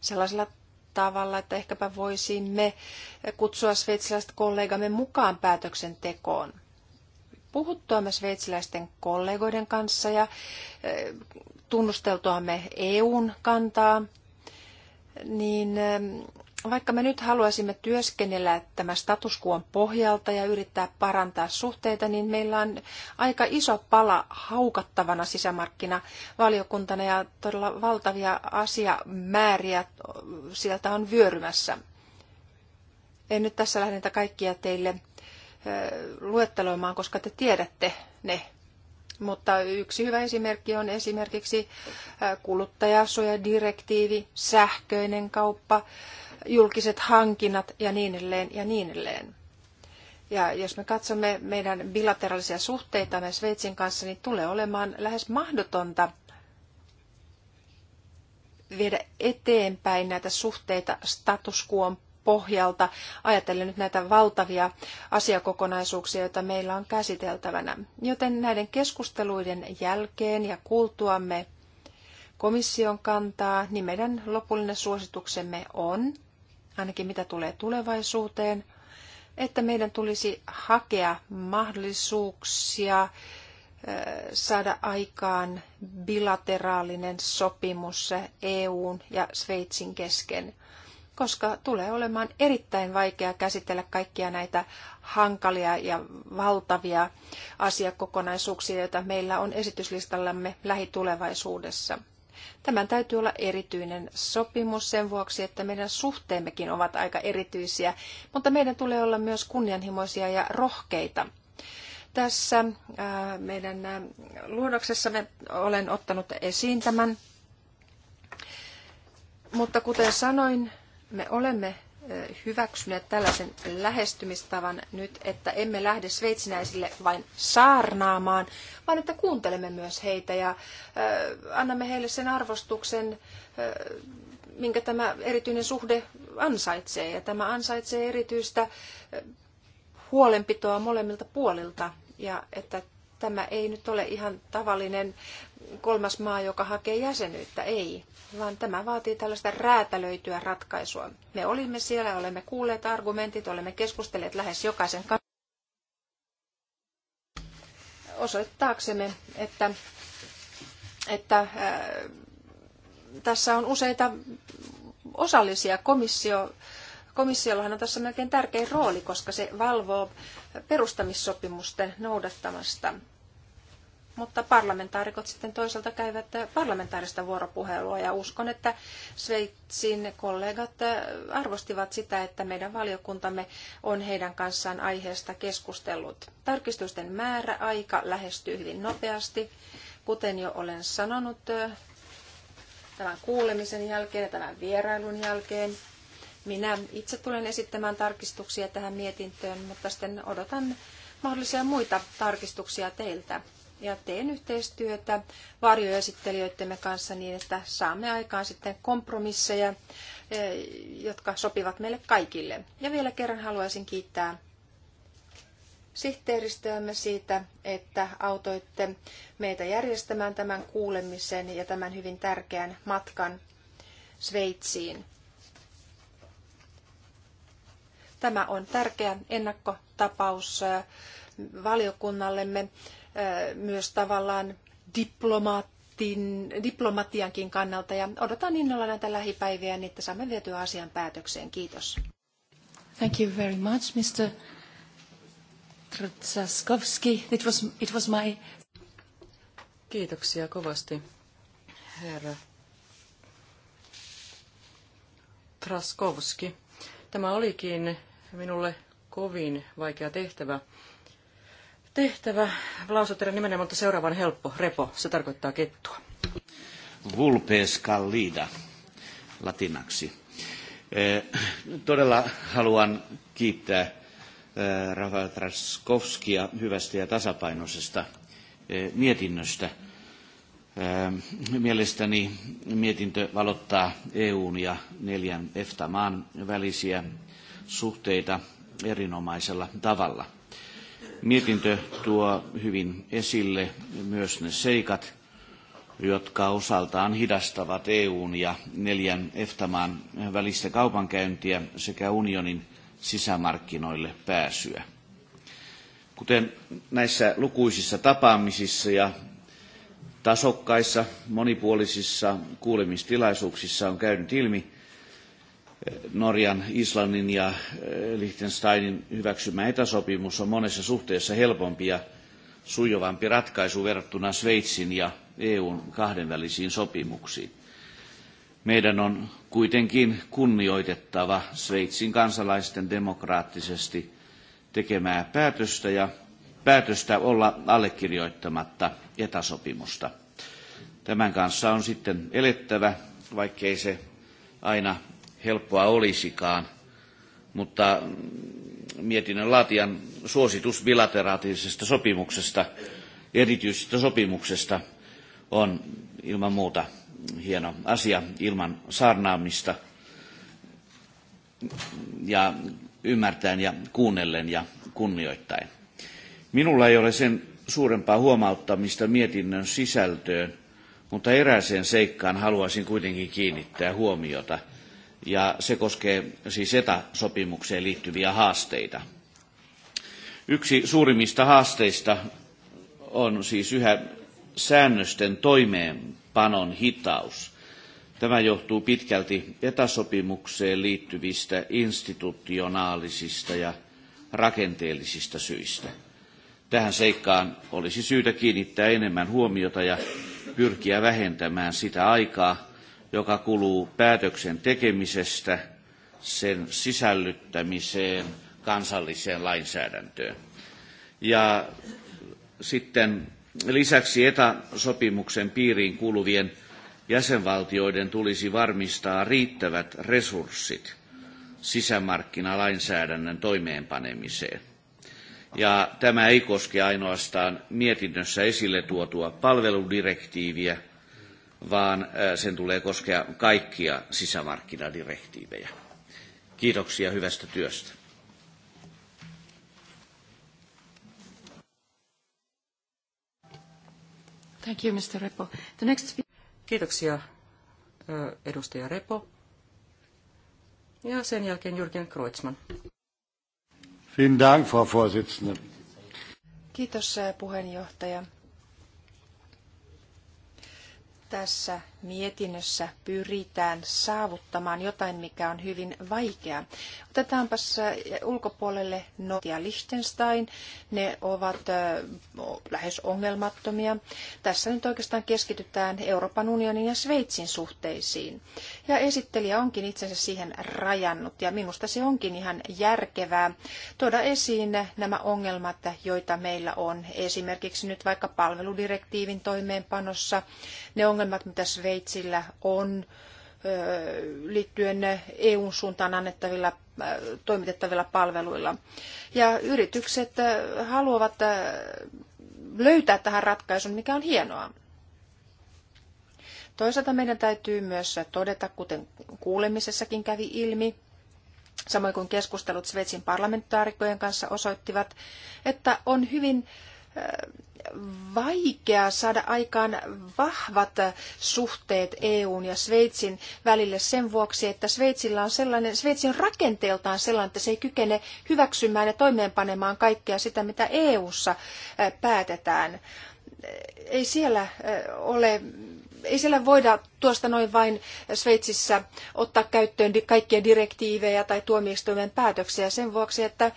sellaisella tavalla, että ehkäpä voisimme kutsua sveitsiläiset kollegamme mukaan päätöksentekoon. Puhuttuamme sveitsiläisten kollegoiden kanssa ja eh, tunnusteltuamme EUn kantaa, niin eh, vaikka me nyt haluaisimme työskennellä tämän statuskuon pohjalta ja yrittää parantaa suhteita, niin meillä on aika iso pala haukattavana sisämarkkinavaliokuntana ja todella valtavia asiamääriä sieltä on vyörymässä. En nyt tässä lähde niitä kaikkia teille luetteloimaan, koska te tiedätte ne. Mutta yksi hyvä esimerkki on esimerkiksi kuluttajasuojadirektiivi, sähköinen kauppa, julkiset hankinnat ja niin edelleen ja niin edelleen. Ja jos me katsomme meidän bilateraalisia suhteita suhteitamme Sveitsin kanssa, niin tulee olemaan lähes mahdotonta viedä eteenpäin näitä suhteita status pohjalta. Ajatellen nyt näitä valtavia asiakokonaisuuksia, joita meillä on käsiteltävänä. Joten näiden keskusteluiden jälkeen ja kuultuamme komission kantaa, niin meidän lopullinen suosituksemme on, ainakin mitä tulee tulevaisuuteen, että meidän tulisi hakea mahdollisuuksia saada aikaan bilateraalinen sopimus EUn ja Sveitsin kesken, koska tulee olemaan erittäin vaikea käsitellä kaikkia näitä hankalia ja valtavia asiakokonaisuuksia, joita meillä on esityslistallamme lähitulevaisuudessa – Tämän täytyy olla erityinen sopimus sen vuoksi, että meidän suhteemmekin ovat aika erityisiä, mutta meidän tulee olla myös kunnianhimoisia ja rohkeita. Tässä meidän luonnoksessamme olen ottanut esiin tämän, mutta kuten sanoin, me olemme hyväksyneet tällaisen lähestymistavan nyt, että emme lähde sveitsiläisille vain saarnaamaan, vaan että kuuntelemme myös heitä ja annamme heille sen arvostuksen, minkä tämä erityinen suhde ansaitsee. Ja tämä ansaitsee erityistä huolenpitoa molemmilta puolilta ja että tämä ei nyt ole ihan tavallinen kolmas maa, joka hakee jäsenyyttä. Ei, vaan tämä vaatii tällaista räätälöityä ratkaisua. Me olimme siellä, olemme kuulleet argumentit, olemme keskustelleet lähes jokaisen kanssa osoittaaksemme, että, että äh, tässä on useita osallisia. Komissio, komissiollahan on tässä melkein tärkein rooli, koska se valvoo perustamissopimusten noudattamasta mutta parlamentaarikot sitten toisaalta käyvät parlamentaarista vuoropuhelua ja uskon, että Sveitsin kollegat arvostivat sitä, että meidän valiokuntamme on heidän kanssaan aiheesta keskustellut. Tarkistusten määrä aika lähestyy hyvin nopeasti, kuten jo olen sanonut tämän kuulemisen jälkeen ja tämän vierailun jälkeen. Minä itse tulen esittämään tarkistuksia tähän mietintöön, mutta sitten odotan mahdollisia muita tarkistuksia teiltä ja teen yhteistyötä varjoesittelijöidemme kanssa niin, että saamme aikaan sitten kompromisseja, eh, jotka sopivat meille kaikille. Ja vielä kerran haluaisin kiittää sihteeristöämme siitä, että autoitte meitä järjestämään tämän kuulemisen ja tämän hyvin tärkeän matkan Sveitsiin. Tämä on tärkeä ennakkotapaus eh, valiokunnallemme myös tavallaan diplomaattin, diplomatiankin kannalta. Ja odotan innolla näitä lähipäiviä, niin että saamme vietyä asian päätökseen. Kiitos. Thank you very much, Mr. Trzaskowski. It was, it was my... Kiitoksia kovasti, herra Traskovski. Tämä olikin minulle kovin vaikea tehtävä tehtävä. Lausuterin nimenen, mutta seuraavan helppo. Repo, se tarkoittaa kettua. Vulpes callida, latinaksi. Eh, todella haluan kiittää eh, Rafael Traskovskia hyvästä ja tasapainoisesta eh, mietinnöstä. Mielestäni mietintö valottaa EUn ja neljän EFTA-maan välisiä suhteita erinomaisella tavalla – Mietintö tuo hyvin esille myös ne seikat, jotka osaltaan hidastavat EUn ja neljän EFTA-maan välistä kaupankäyntiä sekä unionin sisämarkkinoille pääsyä. Kuten näissä lukuisissa tapaamisissa ja tasokkaissa monipuolisissa kuulemistilaisuuksissa on käynyt ilmi, Norjan, Islannin ja eh, Liechtensteinin hyväksymä etäsopimus on monessa suhteessa helpompi ja sujuvampi ratkaisu verrattuna Sveitsin ja EUn kahdenvälisiin sopimuksiin. Meidän on kuitenkin kunnioitettava Sveitsin kansalaisten demokraattisesti tekemää päätöstä ja päätöstä olla allekirjoittamatta etäsopimusta. Tämän kanssa on sitten elettävä, vaikkei se aina helppoa olisikaan, mutta mietinnön laatijan suositus bilateraatilisesta sopimuksesta, erityisestä sopimuksesta, on ilman muuta hieno asia ilman saarnaamista ja ymmärtäen ja kuunnellen ja kunnioittain. Minulla ei ole sen suurempaa huomauttamista mietinnön sisältöön, mutta erääseen seikkaan haluaisin kuitenkin kiinnittää huomiota – ja se koskee siis ETA-sopimukseen liittyviä haasteita. Yksi suurimmista haasteista on siis yhä säännösten toimeenpanon hitaus. Tämä johtuu pitkälti etäsopimukseen liittyvistä institutionaalisista ja rakenteellisista syistä. Tähän seikkaan olisi syytä kiinnittää enemmän huomiota ja pyrkiä vähentämään sitä aikaa, joka kuluu päätöksen tekemisestä sen sisällyttämiseen kansalliseen lainsäädäntöön. Ja sitten lisäksi ETA-sopimuksen piiriin kuuluvien jäsenvaltioiden tulisi varmistaa riittävät resurssit sisämarkkinalainsäädännön toimeenpanemiseen. Ja tämä ei koske ainoastaan mietinnössä esille tuotua palveludirektiiviä – vaan äh, sen tulee koskea kaikkia sisämarkkinadirektiivejä. Kiitoksia hyvästä työstä. Thank you, Mr. Repo. The next... Kiitoksia, edustaja Repo. Ja sen jälkeen Jürgen Kreutzmann. Vielen Dank, Frau Vorsitzende. Kiitos, äh, puheenjohtaja tässä mietinnössä pyritään saavuttamaan jotain, mikä on hyvin vaikeaa. Otetaanpas äh, ulkopuolelle Nokia ja Liechtenstein. Ne ovat äh, lähes ongelmattomia. Tässä nyt oikeastaan keskitytään Euroopan unionin ja Sveitsin suhteisiin. Ja esittelijä onkin itsensä siihen rajannut. Ja minusta se onkin ihan järkevää tuoda esiin nämä ongelmat, joita meillä on. Esimerkiksi nyt vaikka palveludirektiivin toimeenpanossa, ne ongelmat, mitä Sveitsin Sveitsillä on liittyen EUn suuntaan annettavilla toimitettavilla palveluilla. Ja yritykset haluavat löytää tähän ratkaisun, mikä on hienoa. Toisaalta meidän täytyy myös todeta, kuten kuulemisessakin kävi ilmi, samoin kuin keskustelut Sveitsin parlamentaarikkojen kanssa osoittivat, että on hyvin vaikea saada aikaan vahvat suhteet EUn ja Sveitsin välille sen vuoksi, että Sveitsillä on sellainen, Sveitsi on rakenteeltaan sellainen, että se ei kykene hyväksymään ja toimeenpanemaan kaikkea sitä, mitä EUssa päätetään. Ei siellä ole ei siellä voida tuosta noin vain Sveitsissä ottaa käyttöön kaikkia direktiivejä tai tuomioistuimen päätöksiä sen vuoksi, että äh,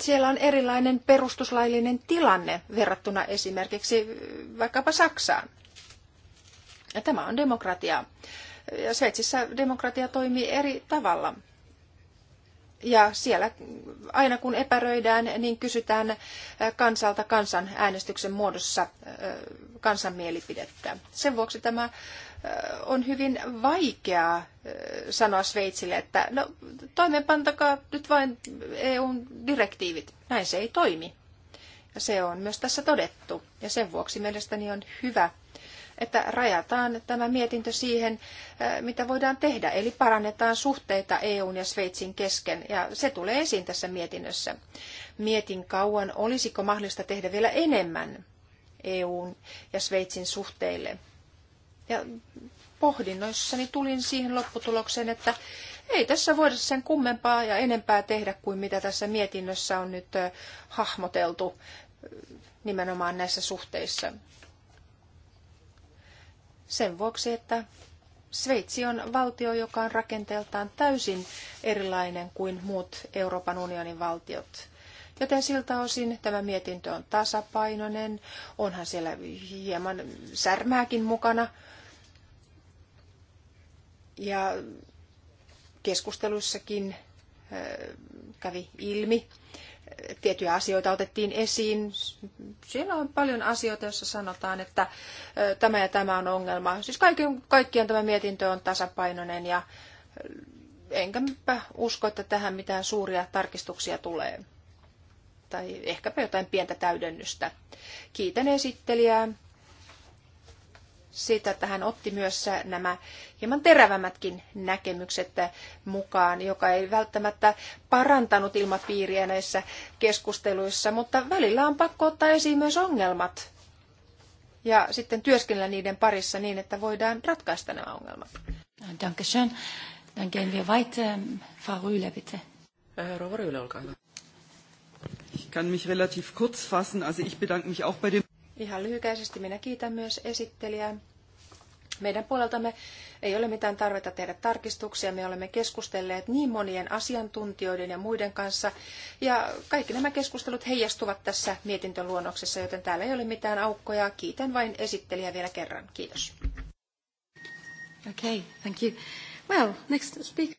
siellä on erilainen perustuslaillinen tilanne verrattuna esimerkiksi äh, vaikkapa Saksaan. Ja tämä on demokratia. Ja Sveitsissä demokratia toimii eri tavalla. Ja siellä aina kun epäröidään, niin kysytään eh, kansalta kansan äänestyksen muodossa eh, kansan mielipidettä. Sen vuoksi tämä eh, on hyvin vaikeaa sanoa Sveitsille, että no toimeenpantakaa nyt vain EUn direktiivit. Näin se ei toimi. Ja se on myös tässä todettu. Ja sen vuoksi mielestäni on hyvä, että rajataan tämä mietintö siihen, eh, mitä voidaan tehdä, eli parannetaan suhteita EUn ja Sveitsin kesken, ja se tulee esiin tässä mietinnössä. Mietin kauan, olisiko mahdollista tehdä vielä enemmän EUn ja Sveitsin suhteille. Ja pohdinnoissani tulin siihen lopputulokseen, että ei tässä voida sen kummempaa ja enempää tehdä kuin mitä tässä mietinnössä on nyt eh, hahmoteltu eh, nimenomaan näissä suhteissa. Sen vuoksi, että Sveitsi on valtio, joka on rakenteeltaan täysin erilainen kuin muut Euroopan unionin valtiot. Joten siltä osin tämä mietintö on tasapainoinen, onhan siellä hieman särmääkin mukana. Ja keskusteluissakin äh, kävi ilmi, tiettyjä asioita otettiin esiin. Siellä on paljon asioita, joissa sanotaan, että tämä ja tämä on ongelma. Siis kaiken, kaikkiaan tämä mietintö on tasapainoinen ja enkäpä usko, että tähän mitään suuria tarkistuksia tulee. Tai ehkäpä jotain pientä täydennystä. Kiitän esittelijää siitä, että hän otti myös nämä hieman terävämmätkin näkemykset mukaan, joka ei välttämättä parantanut ilmapiiriä näissä keskusteluissa, mutta välillä on pakko ottaa esiin myös ongelmat ja sitten työskennellä niiden parissa niin, että voidaan ratkaista nämä ongelmat. Dankeschön. Dann gehen wir weiter. Frau Rühle, bitte. Äh, Rühle, olkaa hyvä. Ich kann mich relativ kurz fassen. Also ich bedanke mich auch bei dem... Ihan lyhykäisesti minä kiitän myös esittelijää. Meidän puoleltamme ei ole mitään tarvetta tehdä tarkistuksia. Me olemme keskustelleet niin monien asiantuntijoiden ja muiden kanssa. Ja kaikki nämä keskustelut heijastuvat tässä mietintöluonnoksessa, joten täällä ei ole mitään aukkoja. Kiitän vain esittelijää vielä kerran. Kiitos. Okay, thank you. Well, next speaker.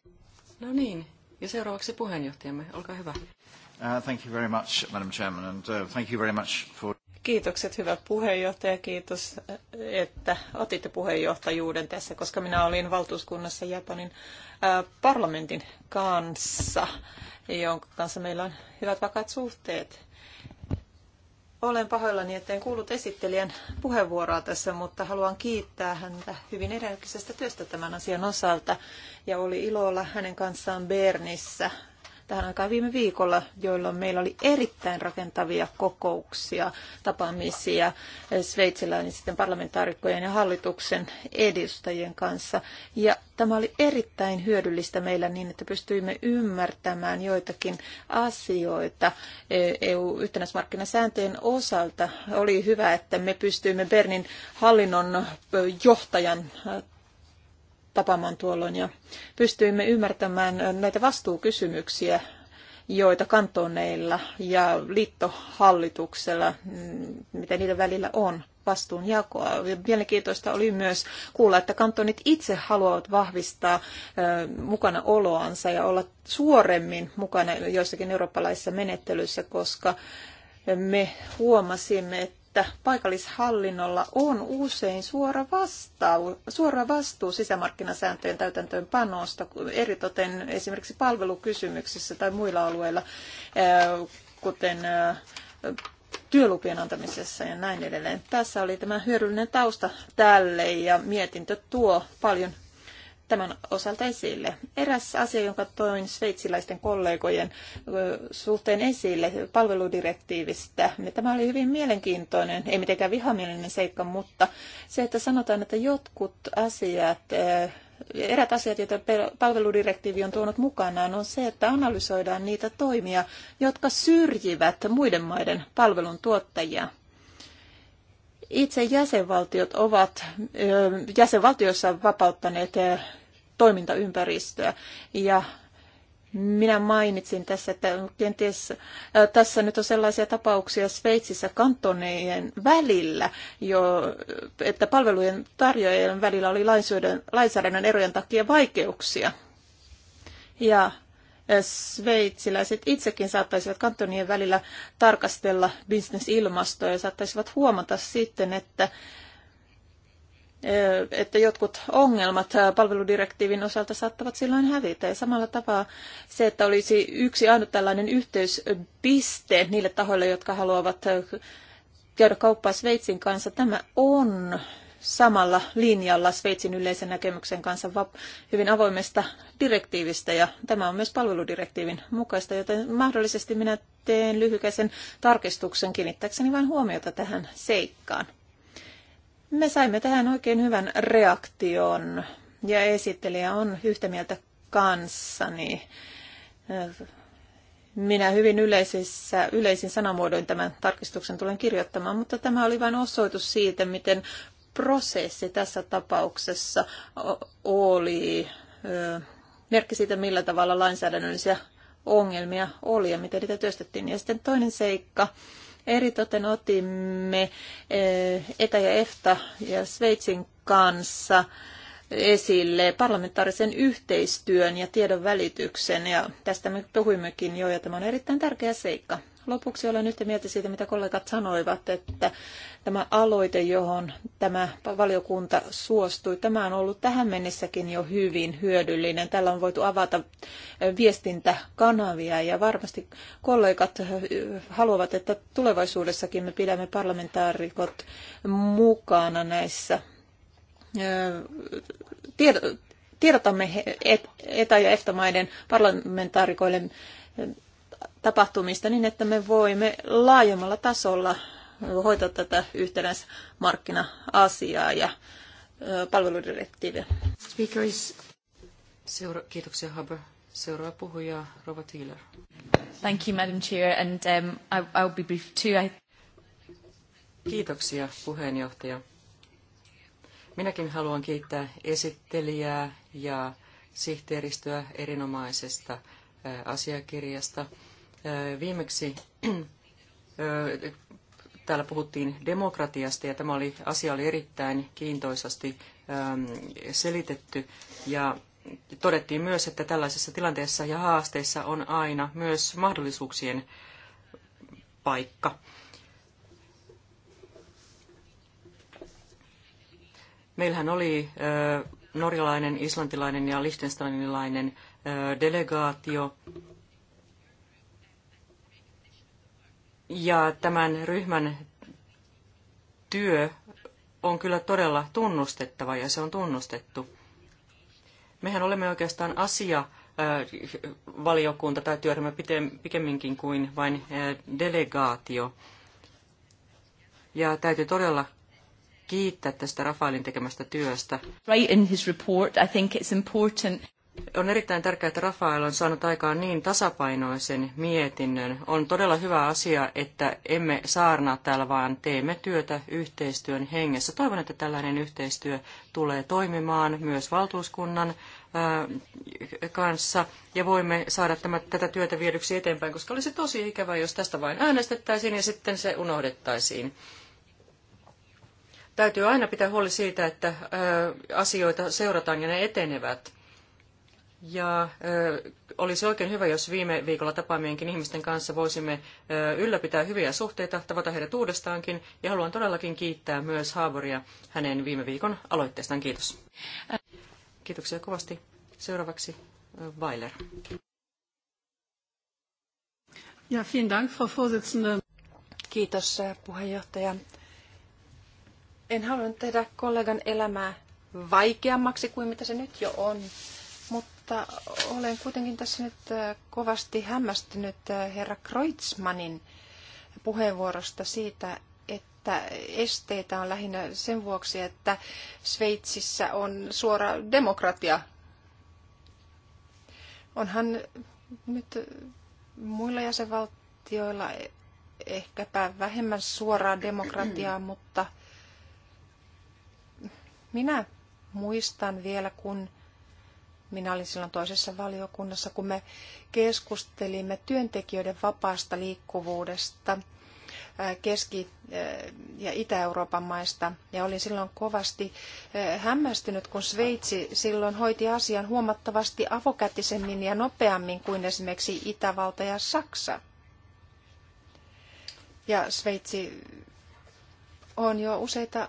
No niin, ja seuraavaksi puheenjohtajamme. Olkaa hyvä. Uh, thank you very much, Madam Chairman, and uh, thank you very much for... Kiitokset, hyvä puheenjohtaja. Kiitos, että otitte puheenjohtajuuden tässä, koska minä olin valtuuskunnassa Japanin parlamentin kanssa, jonka kanssa meillä on hyvät vakaat suhteet. Olen pahoillani, etten kuullut esittelijän puheenvuoroa tässä, mutta haluan kiittää häntä hyvin energisestä työstä tämän asian osalta. Ja oli ilolla hänen kanssaan Bernissä tähän aikaan viime viikolla, jolloin meillä oli erittäin rakentavia kokouksia, tapaamisia sveitsiläisten parlamentaarikkojen ja hallituksen edustajien kanssa. Ja tämä oli erittäin hyödyllistä meillä niin, että pystyimme ymmärtämään joitakin asioita EU-yhtenäismarkkinasääntöjen e osalta. Oli hyvä, että me pystyimme Bernin hallinnon johtajan tapaamaan tuolloin ja pystyimme ymmärtämään näitä vastuukysymyksiä, joita kantoneilla ja liittohallituksella, mm, mitä niiden välillä on vastuunjakoa. mielenkiintoista oli myös kuulla, että kantonit itse haluavat vahvistaa mukana oloansa ja olla suoremmin mukana joissakin eurooppalaisissa menettelyissä, koska me huomasimme, että että paikallishallinnolla on usein suora, vastuu, suora vastuu sisämarkkinasääntöjen täytäntöönpanosta, eritoten esimerkiksi palvelukysymyksissä tai muilla alueilla, eh, kuten eh, työlupien antamisessa ja näin edelleen. Tässä oli tämä hyödyllinen tausta tälle ja mietintö tuo paljon tämän osalta esille. Eräs asia, jonka toin sveitsiläisten kollegojen suhteen esille palveludirektiivistä, tämä oli hyvin mielenkiintoinen, ei mitenkään vihamielinen seikka, mutta se, että sanotaan, että jotkut asiat erät asiat, joita palveludirektiivi on tuonut mukanaan, on se, että analysoidaan niitä toimia, jotka syrjivät muiden maiden palveluntuottajia. Itse jäsenvaltiot ovat jäsenvaltioissa vapauttaneet toimintaympäristöä. Ja minä mainitsin tässä, että kenties tässä nyt on sellaisia tapauksia Sveitsissä kantoneiden välillä, jo, että palvelujen tarjoajien välillä oli lainsäädännön erojen takia vaikeuksia. Ja sveitsiläiset itsekin saattaisivat kantonien välillä tarkastella bisnesilmastoa ja saattaisivat huomata sitten, että että jotkut ongelmat palveludirektiivin osalta saattavat silloin hävitä. Ja samalla tavalla se, että olisi yksi ainut tällainen yhteyspiste niille tahoille, jotka haluavat käydä kauppaa Sveitsin kanssa, tämä on samalla linjalla Sveitsin yleisen näkemyksen kanssa hyvin avoimesta direktiivistä ja tämä on myös palveludirektiivin mukaista, joten mahdollisesti minä teen lyhykäisen tarkistuksen kiinnittäkseni vain huomiota tähän seikkaan. Me saimme tähän oikein hyvän reaktion ja esittelijä on yhtä mieltä kanssani. Minä hyvin yleisissä, yleisin sanamuodoin tämän tarkistuksen tulen kirjoittamaan, mutta tämä oli vain osoitus siitä, miten prosessi tässä tapauksessa oli merkki siitä, millä tavalla lainsäädännöllisiä ongelmia oli ja miten niitä työstettiin. Ja sitten toinen seikka, Eritoten otimme eh, ETA ja EFTA ja Sveitsin kanssa esille parlamentaarisen yhteistyön ja tiedon välityksen, ja tästä me puhuimmekin jo, ja tämä on erittäin tärkeä seikka. Lopuksi olen yhtä mieltä siitä, mitä kollegat sanoivat, että tämä aloite, johon tämä valiokunta suostui, tämä on ollut tähän mennessäkin jo hyvin hyödyllinen. Tällä on voitu avata viestintäkanavia ja varmasti kollegat haluavat, että tulevaisuudessakin me pidämme parlamentaarikot mukana näissä tiedotamme ETA- ja EFTA-maiden parlamentaarikoille tapahtumista niin, että me voimme laajemmalla tasolla hoitaa tätä yhtenäismarkkina-asiaa ja palveludirektiiviä. kiitoksia Haber. Seuraava puhuja, Rova Thieler. Thank you, Madam Chair, and um, I, I'll be brief too. I... Kiitoksia, puheenjohtaja. Minäkin haluan kiittää esittelijää ja sihteeristöä erinomaisesta asiakirjasta. Viimeksi täällä puhuttiin demokratiasta ja tämä oli, asia oli erittäin kiintoisasti selitetty ja todettiin myös, että tällaisessa tilanteessa ja haasteissa on aina myös mahdollisuuksien paikka. Meillähän oli norjalainen, islantilainen ja lichtensteinilainen delegaatio Ja tämän ryhmän työ on kyllä todella tunnustettava ja se on tunnustettu. Mehän olemme oikeastaan asia valiokunta tai työryhmä pikemminkin kuin vain delegaatio. Ja täytyy todella kiittää tästä Rafaelin tekemästä työstä. Right in his report, I think it's important. On erittäin tärkeää, että Rafael on saanut aikaan niin tasapainoisen mietinnön. On todella hyvä asia, että emme saarnaa täällä, vaan teemme työtä yhteistyön hengessä. Toivon, että tällainen yhteistyö tulee toimimaan myös valtuuskunnan kanssa ja voimme saada tämä, tätä työtä viedyksi eteenpäin, koska olisi tosi ikävää, jos tästä vain äänestettäisiin ja sitten se unohdettaisiin. Täytyy aina pitää huoli siitä, että asioita seurataan ja ne etenevät. Ja ö, olisi oikein hyvä, jos viime viikolla tapaamienkin ihmisten kanssa voisimme ö, ylläpitää hyviä suhteita, tavata heidät uudestaankin. Ja haluan todellakin kiittää myös Haaboria hänen viime viikon aloitteestaan. Kiitos. Kiitoksia kovasti. Seuraavaksi Weiler. Ja, vielen Dank, Frau Vorsitzende. Kiitos puheenjohtaja. En halunnut tehdä kollegan elämää vaikeammaksi kuin mitä se nyt jo on mutta olen kuitenkin tässä nyt äh, kovasti hämmästynyt äh, herra Kreutzmannin puheenvuorosta siitä, että esteitä on lähinnä sen vuoksi, että Sveitsissä on suora demokratia. Onhan nyt muilla jäsenvaltioilla ehkäpä vähemmän suoraa demokratiaa, mutta minä muistan vielä, kun minä olin silloin toisessa valiokunnassa, kun me keskustelimme työntekijöiden vapaasta liikkuvuudesta Keski- ja Itä-Euroopan maista. Ja olin silloin kovasti hämmästynyt, kun Sveitsi silloin hoiti asian huomattavasti avokätisemmin ja nopeammin kuin esimerkiksi Itävalta ja Saksa. Ja Sveitsi on jo useita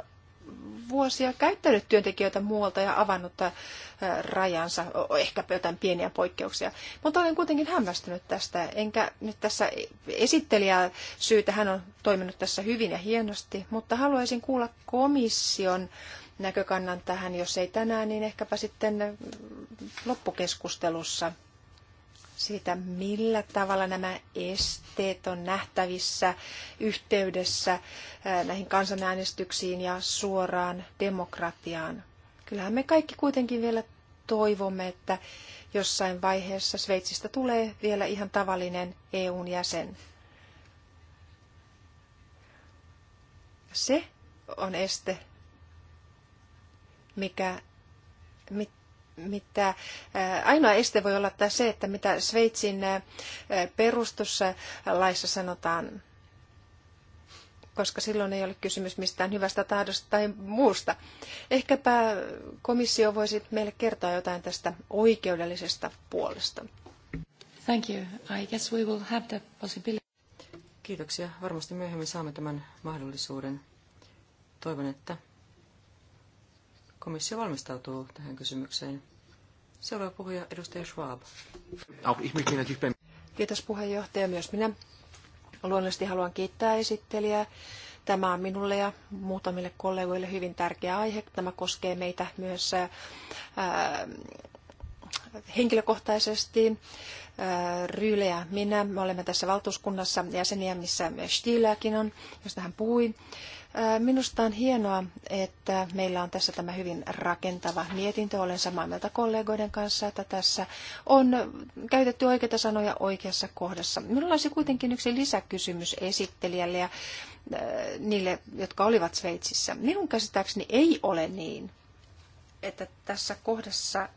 vuosia käyttänyt työntekijöitä muualta ja avannut äh, rajansa, ehkä jotain pieniä poikkeuksia. Mutta olen kuitenkin hämmästynyt tästä, enkä nyt tässä esittelijä syytä, hän on toiminut tässä hyvin ja hienosti, mutta haluaisin kuulla komission näkökannan tähän, jos ei tänään, niin ehkäpä sitten äh, loppukeskustelussa – siitä, millä tavalla nämä esteet on nähtävissä yhteydessä näihin kansanäänestyksiin ja suoraan demokratiaan. Kyllähän me kaikki kuitenkin vielä toivomme, että jossain vaiheessa Sveitsistä tulee vielä ihan tavallinen EUn jäsen. Se on este, mikä, mit, mitä, ainoa este voi olla tämä se, että mitä Sveitsin perustuslaissa sanotaan, koska silloin ei ole kysymys mistään hyvästä tahdosta tai muusta. Ehkäpä komissio voisi meille kertoa jotain tästä oikeudellisesta puolesta. Thank you. I guess we will have the possibility. Kiitoksia. Varmasti myöhemmin saamme tämän mahdollisuuden. Toivon, että Komissio valmistautuu tähän kysymykseen. Seuraava puhuja, edustaja Schwab. Kiitos puheenjohtaja, myös minä. Luonnollisesti haluan kiittää esittelijää. Tämä on minulle ja muutamille kollegoille hyvin tärkeä aihe. Tämä koskee meitä myös henkilökohtaisesti. Äh, Ryyle ja minä, me olemme tässä valtuuskunnassa jäseniä, missä Stiläkin on, josta hän puhui. Äh, minusta on hienoa, että meillä on tässä tämä hyvin rakentava mietintö. Olen samaa mieltä kollegoiden kanssa, että tässä on käytetty oikeita sanoja oikeassa kohdassa. Minulla olisi kuitenkin yksi lisäkysymys esittelijälle ja äh, niille, jotka olivat Sveitsissä. Minun käsittääkseni ei ole niin, että tässä kohdassa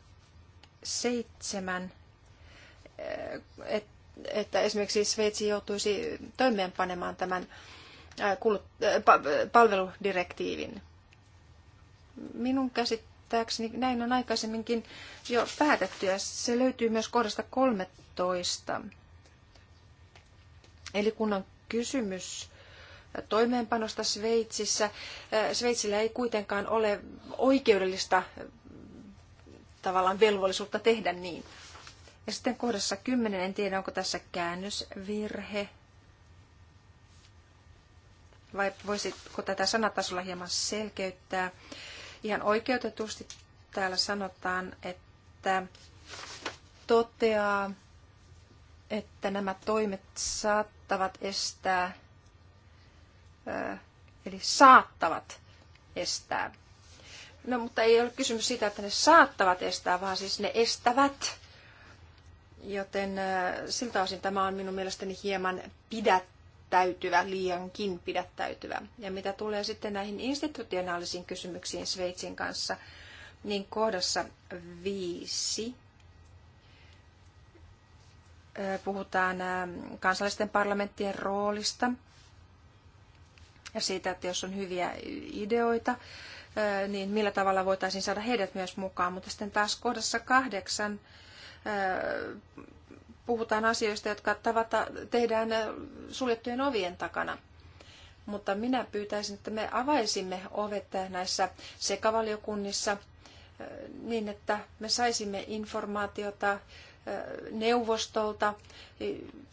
seitsemän, eh, että esimerkiksi Sveitsi joutuisi toimeenpanemaan tämän eh, eh, palveludirektiivin. Minun käsittääkseni näin on aikaisemminkin jo päätetty ja se löytyy myös kohdasta 13. Eli kun on kysymys toimeenpanosta Sveitsissä, Sveitsillä ei kuitenkaan ole oikeudellista tavallaan velvollisuutta tehdä niin. Ja sitten kohdassa 10, en tiedä onko tässä käännösvirhe. Vai voisitko tätä sanatasolla hieman selkeyttää? Ihan oikeutetusti täällä sanotaan, että toteaa, että nämä toimet saattavat estää, eli saattavat estää No, mutta ei ole kysymys siitä, että ne saattavat estää, vaan siis ne estävät. Joten siltä osin tämä on minun mielestäni hieman pidättäytyvä, liiankin pidättäytyvä. Ja mitä tulee sitten näihin institutionaalisiin kysymyksiin Sveitsin kanssa, niin kohdassa viisi puhutaan kansallisten parlamenttien roolista ja siitä, että jos on hyviä ideoita, niin millä tavalla voitaisiin saada heidät myös mukaan. Mutta sitten taas kohdassa kahdeksan puhutaan asioista, jotka tavata, tehdään suljettujen ovien takana. Mutta minä pyytäisin, että me avaisimme ovet näissä sekavaliokunnissa niin, että me saisimme informaatiota neuvostolta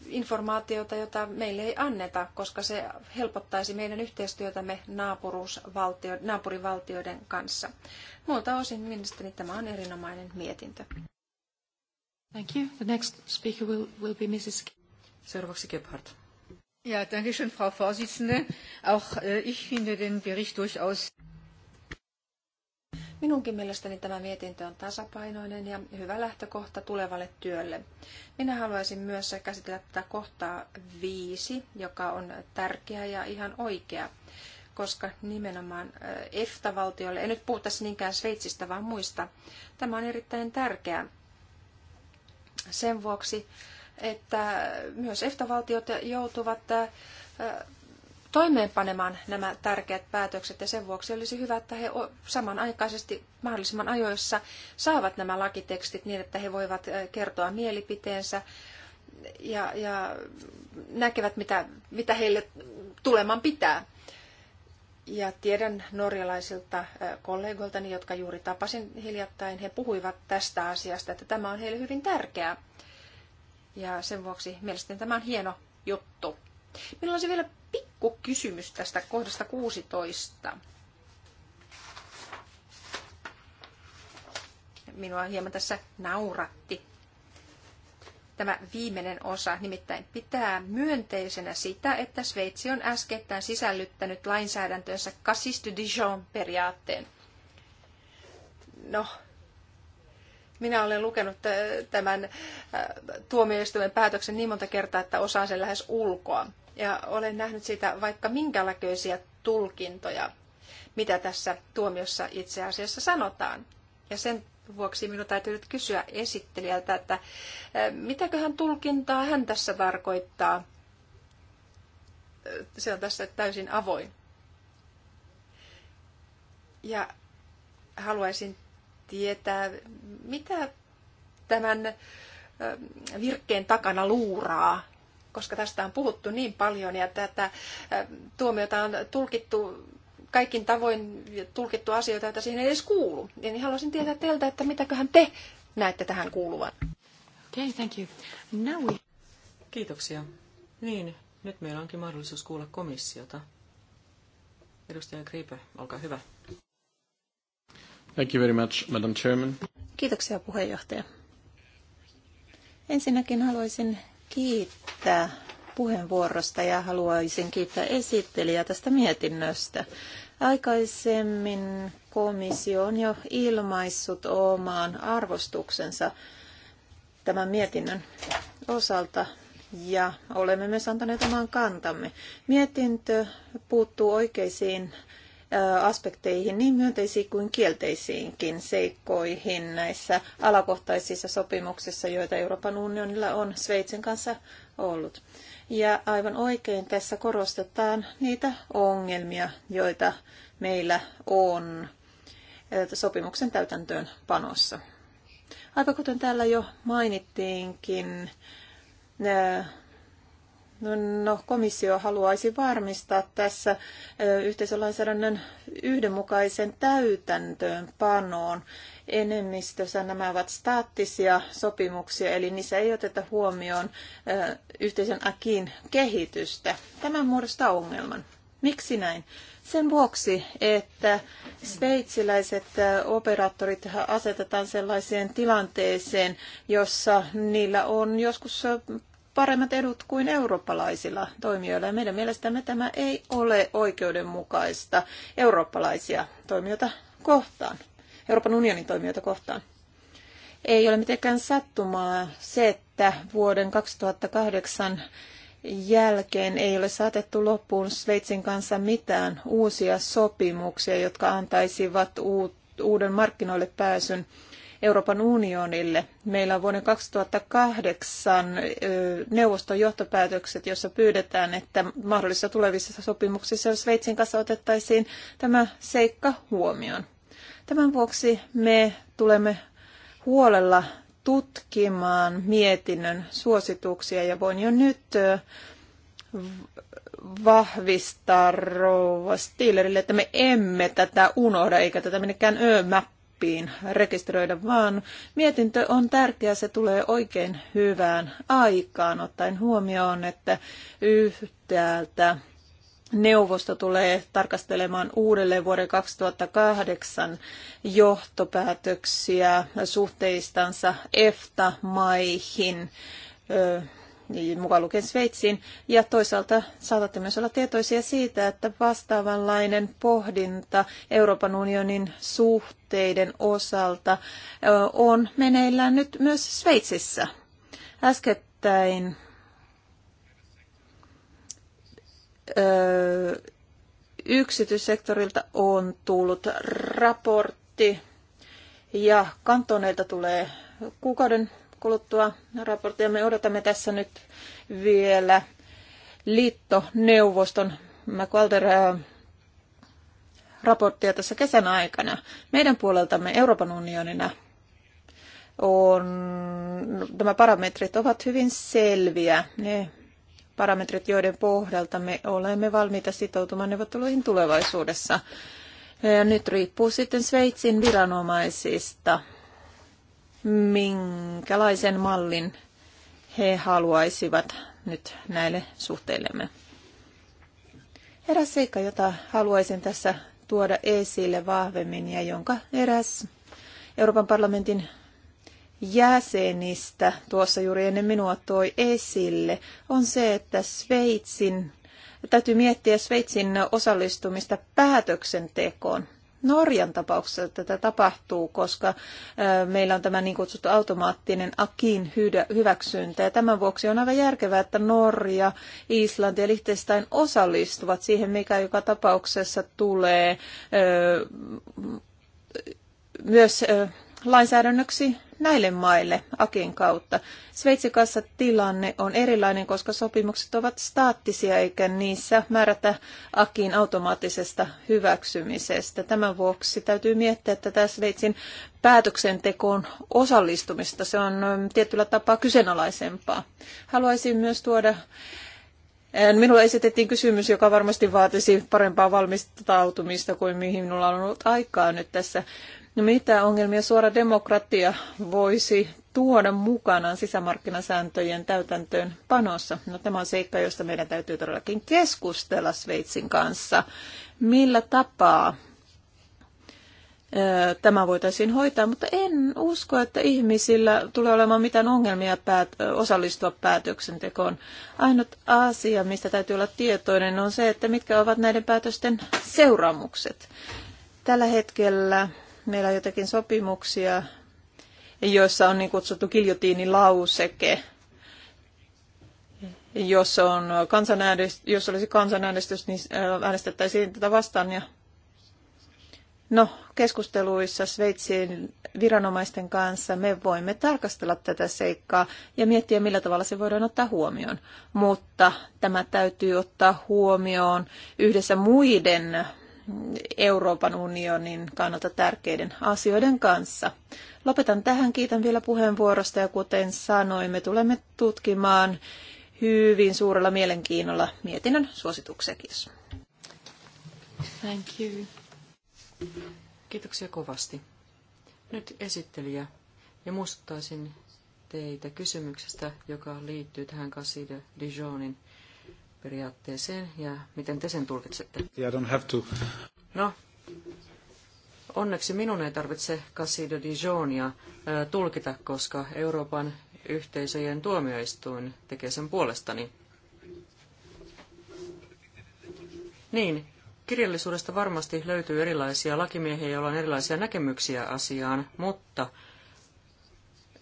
informaatiota, jota meille ei anneta, koska se helpottaisi meidän yhteistyötämme naapurivaltioiden kanssa. Muilta osin mielestäni tämä on erinomainen mietintö. Thank you. The next speaker will, will be Mrs. Seuraavaksi Gebhardt. Ja, danke schön, Frau Vorsitzende. Auch äh, ich finde den Bericht durchaus Minunkin mielestäni tämä mietintö on tasapainoinen ja hyvä lähtökohta tulevalle työlle. Minä haluaisin myös käsitellä tätä kohtaa viisi, joka on tärkeä ja ihan oikea, koska nimenomaan EFTA-valtiolle, en nyt puhu tässä niinkään Sveitsistä, vaan muista, tämä on erittäin tärkeä sen vuoksi, että myös EFTA-valtiot joutuvat toimeenpanemaan nämä tärkeät päätökset ja sen vuoksi olisi hyvä, että he samanaikaisesti mahdollisimman ajoissa saavat nämä lakitekstit niin, että he voivat kertoa mielipiteensä ja, ja näkevät, mitä, mitä heille tuleman pitää. Ja tiedän norjalaisilta kollegoiltani, jotka juuri tapasin hiljattain, he puhuivat tästä asiasta, että tämä on heille hyvin tärkeää. Ja sen vuoksi mielestäni tämä on hieno juttu. Minulla olisi vielä pikku kysymys tästä kohdasta 16. Minua hieman tässä nauratti tämä viimeinen osa nimittäin pitää myönteisenä sitä, että Sveitsi on äskettäin sisällyttänyt lainsäädäntönsä Cassis de Dijon periaatteen. No, minä olen lukenut äh, tämän äh, tuomioistuimen päätöksen niin monta kertaa, että osaan sen lähes ulkoa ja olen nähnyt siitä vaikka minkälaisia tulkintoja, mitä tässä tuomiossa itse asiassa sanotaan. Ja sen vuoksi minun täytyy nyt kysyä esittelijältä, että mitäköhän tulkintaa hän tässä tarkoittaa. Se on tässä täysin avoin. Ja haluaisin tietää, mitä tämän virkkeen takana luuraa koska tästä on puhuttu niin paljon ja tätä tuomiota on tulkittu kaikin tavoin tulkittu asioita, joita siihen ei edes kuulu. Niin haluaisin tietää teiltä, että mitäköhän te näette tähän kuuluvan. Okay, thank you. Now we... Kiitoksia. Niin, nyt meillä onkin mahdollisuus kuulla komissiota. Edustaja Kriipä, olkaa hyvä. Thank you very much, Madam Chairman. Kiitoksia puheenjohtaja. Ensinnäkin haluaisin kiittää puheenvuorosta ja haluaisin kiittää esittelijää tästä mietinnöstä. Aikaisemmin komissio on jo ilmaissut omaan arvostuksensa tämän mietinnön osalta ja olemme myös antaneet oman kantamme. Mietintö puuttuu oikeisiin aspekteihin, niin myönteisiin kuin kielteisiinkin seikkoihin näissä alakohtaisissa sopimuksissa, joita Euroopan unionilla on Sveitsin kanssa ollut. Ja aivan oikein tässä korostetaan niitä ongelmia, joita meillä on sopimuksen täytäntöön panossa. Aivan kuten täällä jo mainittiinkin, No, komissio haluaisi varmistaa tässä yhteisölainsäädännön yhdenmukaisen täytäntöönpanoon. Enemmistössä nämä ovat staattisia sopimuksia, eli niissä ei oteta huomioon yhteisön akin kehitystä. Tämä muodostaa ongelman. Miksi näin? Sen vuoksi, että sveitsiläiset operaattorit asetetaan sellaiseen tilanteeseen, jossa niillä on joskus paremmat edut kuin eurooppalaisilla toimijoilla. meidän mielestämme tämä ei ole oikeudenmukaista eurooppalaisia toimijoita kohtaan, Euroopan unionin toimijoita kohtaan. Ei ole mitenkään sattumaa se, että vuoden 2008 jälkeen ei ole saatettu loppuun Sveitsin kanssa mitään uusia sopimuksia, jotka antaisivat uuden markkinoille pääsyn Euroopan unionille. Meillä on vuoden 2008 neuvoston johtopäätökset, jossa pyydetään, että mahdollisissa tulevissa sopimuksissa Sveitsin kanssa otettaisiin tämä seikka huomioon. Tämän vuoksi me tulemme huolella tutkimaan mietinnön suosituksia ja voin jo nyt vahvistaa rouva Stillerille, että me emme tätä unohda eikä tätä menekään öömä oppiin rekisteröidä, vaan mietintö on tärkeä, se tulee oikein hyvään aikaan, ottaen huomioon, että yhtäältä neuvosto tulee tarkastelemaan uudelleen vuoden 2008 johtopäätöksiä suhteistansa EFTA-maihin niin, mukaan lukien Sveitsiin, ja toisaalta saatatte myös olla tietoisia siitä, että vastaavanlainen pohdinta Euroopan unionin suhteiden osalta on meneillään nyt myös Sveitsissä. Äskettäin yksityissektorilta on tullut raportti ja kantoneilta tulee kuukauden kuluttua raporttia. Me odotamme tässä nyt vielä liittoneuvoston McWalter äh, raporttia tässä kesän aikana. Meidän puoleltamme Euroopan unionina on, nämä parametrit ovat hyvin selviä. Ne parametrit, joiden pohjalta me olemme valmiita sitoutumaan neuvotteluihin tulevaisuudessa. Ja Nyt riippuu sitten Sveitsin viranomaisista minkälaisen mallin he haluaisivat nyt näille suhteillemme. Eräs seikka, jota haluaisin tässä tuoda esille vahvemmin ja jonka eräs Euroopan parlamentin jäsenistä tuossa juuri ennen minua toi esille, on se, että Sveitsin, täytyy miettiä Sveitsin osallistumista päätöksentekoon. Norjan tapauksessa tätä tapahtuu, koska meillä on tämä niin kutsuttu automaattinen akin hyväksyntä. Ja tämän vuoksi on aivan järkevää, että Norja, Islanti ja Liechtenstein osallistuvat siihen, mikä joka tapauksessa tulee myös lainsäädännöksi näille maille Akin kautta. Sveitsin kanssa tilanne on erilainen, koska sopimukset ovat staattisia eikä niissä määrätä Akin automaattisesta hyväksymisestä. Tämän vuoksi täytyy miettiä tätä Sveitsin päätöksentekoon osallistumista. Se on tietyllä tapaa kyseenalaisempaa. Haluaisin myös tuoda Minulle esitettiin kysymys, joka varmasti vaatisi parempaa valmistautumista kuin mihin minulla on ollut aikaa nyt tässä No mitä ongelmia suora demokratia voisi tuoda mukanaan sisämarkkinasääntöjen täytäntöön panossa? No tämä on seikka, josta meidän täytyy todellakin keskustella Sveitsin kanssa. Millä tapaa tämä voitaisiin hoitaa, mutta en usko, että ihmisillä tulee olemaan mitään ongelmia päät- osallistua päätöksentekoon. Ainut asia, mistä täytyy olla tietoinen, on se, että mitkä ovat näiden päätösten seuraamukset. Tällä hetkellä meillä on jotakin sopimuksia, joissa on niin kutsuttu kiljotiinilauseke, jos, on kansanäänestys, jos olisi kansanäänestys, niin äh, äänestettäisiin tätä vastaan. Ja no, keskusteluissa Sveitsin viranomaisten kanssa me voimme tarkastella tätä seikkaa ja miettiä, millä tavalla se voidaan ottaa huomioon. Mutta tämä täytyy ottaa huomioon yhdessä muiden Euroopan unionin kannalta tärkeiden asioiden kanssa. Lopetan tähän. Kiitän vielä puheenvuorosta ja kuten sanoin, me tulemme tutkimaan hyvin suurella mielenkiinnolla mietinnön suosituksia. Kiitos. Thank you. Kiitoksia kovasti. Nyt esittelijä ja muistuttaisin teitä kysymyksestä, joka liittyy tähän Caside Dijonin periaatteeseen ja miten te sen tulkitsette? Yeah, don't have to. No, onneksi minun ei tarvitse de Dijonia tulkita, koska Euroopan yhteisöjen tuomioistuin tekee sen puolestani. Niin, kirjallisuudesta varmasti löytyy erilaisia lakimiehiä, joilla on erilaisia näkemyksiä asiaan, mutta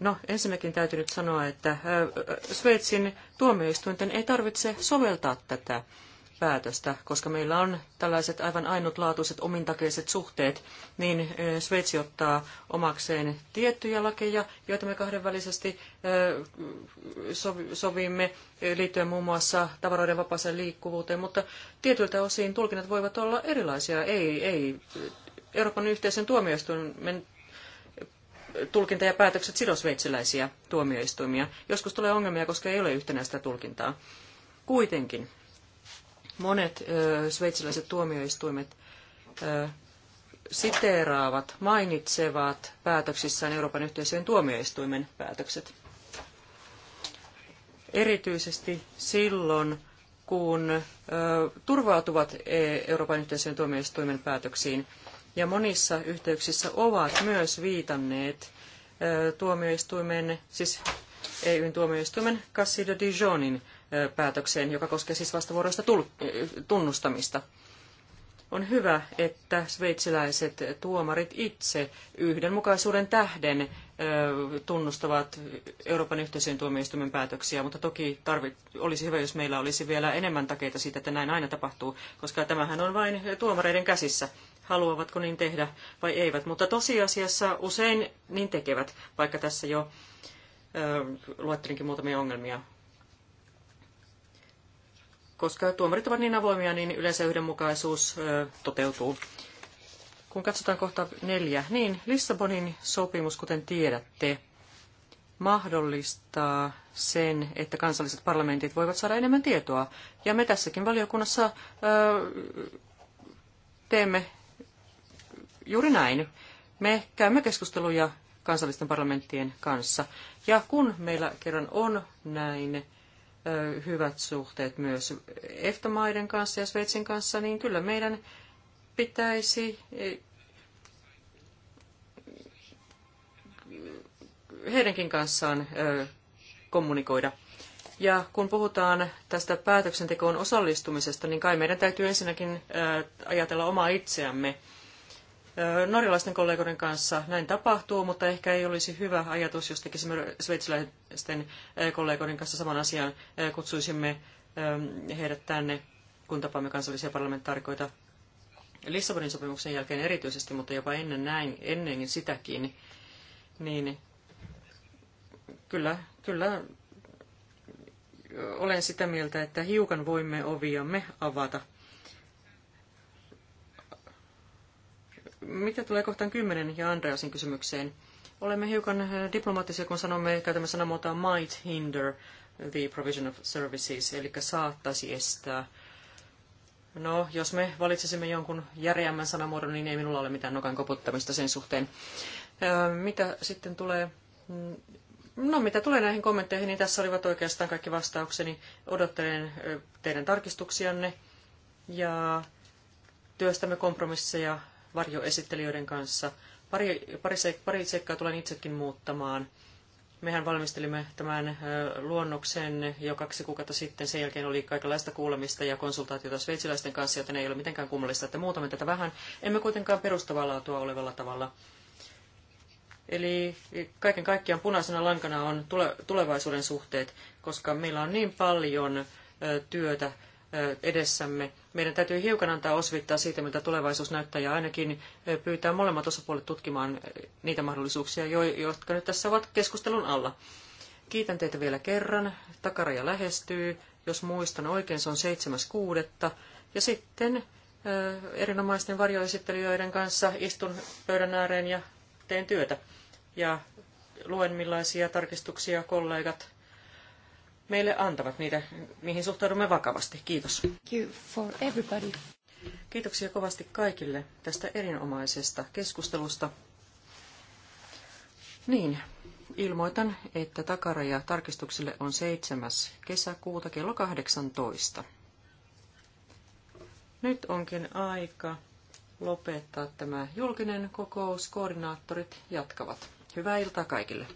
No, ensinnäkin täytyy nyt sanoa, että Sveitsin tuomioistuinten ei tarvitse soveltaa tätä päätöstä, koska meillä on tällaiset aivan ainutlaatuiset omintakeiset suhteet, niin Sveitsi ottaa omakseen tiettyjä lakeja, joita me kahdenvälisesti sovimme liittyen muun muassa tavaroiden vapaaseen liikkuvuuteen, mutta tietyiltä osin tulkinnat voivat olla erilaisia. Ei, ei Euroopan yhteisön tuomioistuimen tulkinta ja päätökset sido sveitsiläisiä tuomioistuimia. Joskus tulee ongelmia, koska ei ole yhtenäistä tulkintaa. Kuitenkin monet ö, sveitsiläiset tuomioistuimet ö, siteeraavat, mainitsevat päätöksissään Euroopan yhteisöjen tuomioistuimen päätökset. Erityisesti silloin, kun ö, turvautuvat e, Euroopan yhteisöjen tuomioistuimen päätöksiin – ja monissa yhteyksissä ovat myös viitanneet tuomioistuimen, siis EUn tuomioistuimen Cassido Dijonin päätökseen, joka koskee siis vastavuoroista tunnustamista. On hyvä, että sveitsiläiset tuomarit itse yhdenmukaisuuden tähden tunnustavat Euroopan yhteisöjen tuomioistuimen päätöksiä, mutta toki tarvit, olisi hyvä, jos meillä olisi vielä enemmän takeita siitä, että näin aina tapahtuu, koska tämähän on vain tuomareiden käsissä haluavatko niin tehdä vai eivät. Mutta tosiasiassa usein niin tekevät, vaikka tässä jo luettelinkin muutamia ongelmia. Koska tuomarit ovat niin avoimia, niin yleensä yhdenmukaisuus toteutuu. Kun katsotaan kohta neljä, niin Lissabonin sopimus, kuten tiedätte, mahdollistaa sen, että kansalliset parlamentit voivat saada enemmän tietoa. Ja me tässäkin valiokunnassa ö, teemme Juuri näin. Me käymme keskusteluja kansallisten parlamenttien kanssa. Ja kun meillä kerran on näin hyvät suhteet myös EFTA-maiden kanssa ja Sveitsin kanssa, niin kyllä meidän pitäisi heidänkin kanssaan kommunikoida. Ja kun puhutaan tästä päätöksentekoon osallistumisesta, niin kai meidän täytyy ensinnäkin ajatella omaa itseämme norjalaisten kollegoiden kanssa näin tapahtuu, mutta ehkä ei olisi hyvä ajatus, jos tekisimme sveitsiläisten kollegoiden kanssa saman asian, kutsuisimme heidät tänne, kun tapaamme kansallisia parlamentaarikoita Lissabonin sopimuksen jälkeen erityisesti, mutta jopa ennen näin, ennen sitäkin, niin kyllä, kyllä olen sitä mieltä, että hiukan voimme oviamme avata mitä tulee kohtaan 10 ja Andreasin kysymykseen, olemme hiukan eh, diplomaattisia, kun sanomme, käytämme sanamuotoa might hinder the provision of services, eli saattaisi estää. No, jos me valitsisimme jonkun järeämmän sanamuodon, niin ei minulla ole mitään nokan koputtamista sen suhteen. Eh, mitä sitten tulee mm, No mitä tulee näihin kommentteihin, niin tässä olivat oikeastaan kaikki vastaukseni. Odottelen eh, teidän tarkistuksianne ja työstämme kompromisseja varjoesittelijöiden kanssa. Pari, pari, pari seikkaa tulen itsekin muuttamaan. Mehän valmistelimme tämän luonnoksen jo kaksi kuukautta sitten. Sen jälkeen oli kaikenlaista kuulemista ja konsultaatiota sveitsiläisten kanssa, joten ei ole mitenkään kummallista, että muutamme tätä vähän. Emme kuitenkaan perustavaa laatua olevalla tavalla. Eli kaiken kaikkiaan punaisena lankana on tulevaisuuden suhteet, koska meillä on niin paljon työtä edessämme. Meidän täytyy hiukan antaa osvittaa siitä, miltä tulevaisuus näyttää, ja ainakin pyytää molemmat osapuolet tutkimaan niitä mahdollisuuksia, jotka nyt tässä ovat keskustelun alla. Kiitän teitä vielä kerran. Takaraja lähestyy. Jos muistan oikein, se on 7.6. Ja sitten erinomaisten varjoesittelijöiden kanssa istun pöydän ääreen ja teen työtä. Ja luen, millaisia tarkistuksia kollegat meille antavat, niitä, mihin suhtaudumme vakavasti. Kiitos. Kiitoksia kovasti kaikille tästä erinomaisesta keskustelusta. Niin, ilmoitan, että takaraja tarkistuksille on 7. kesäkuuta kello 18. Nyt onkin aika lopettaa tämä julkinen kokous. Koordinaattorit jatkavat. Hyvää iltaa kaikille.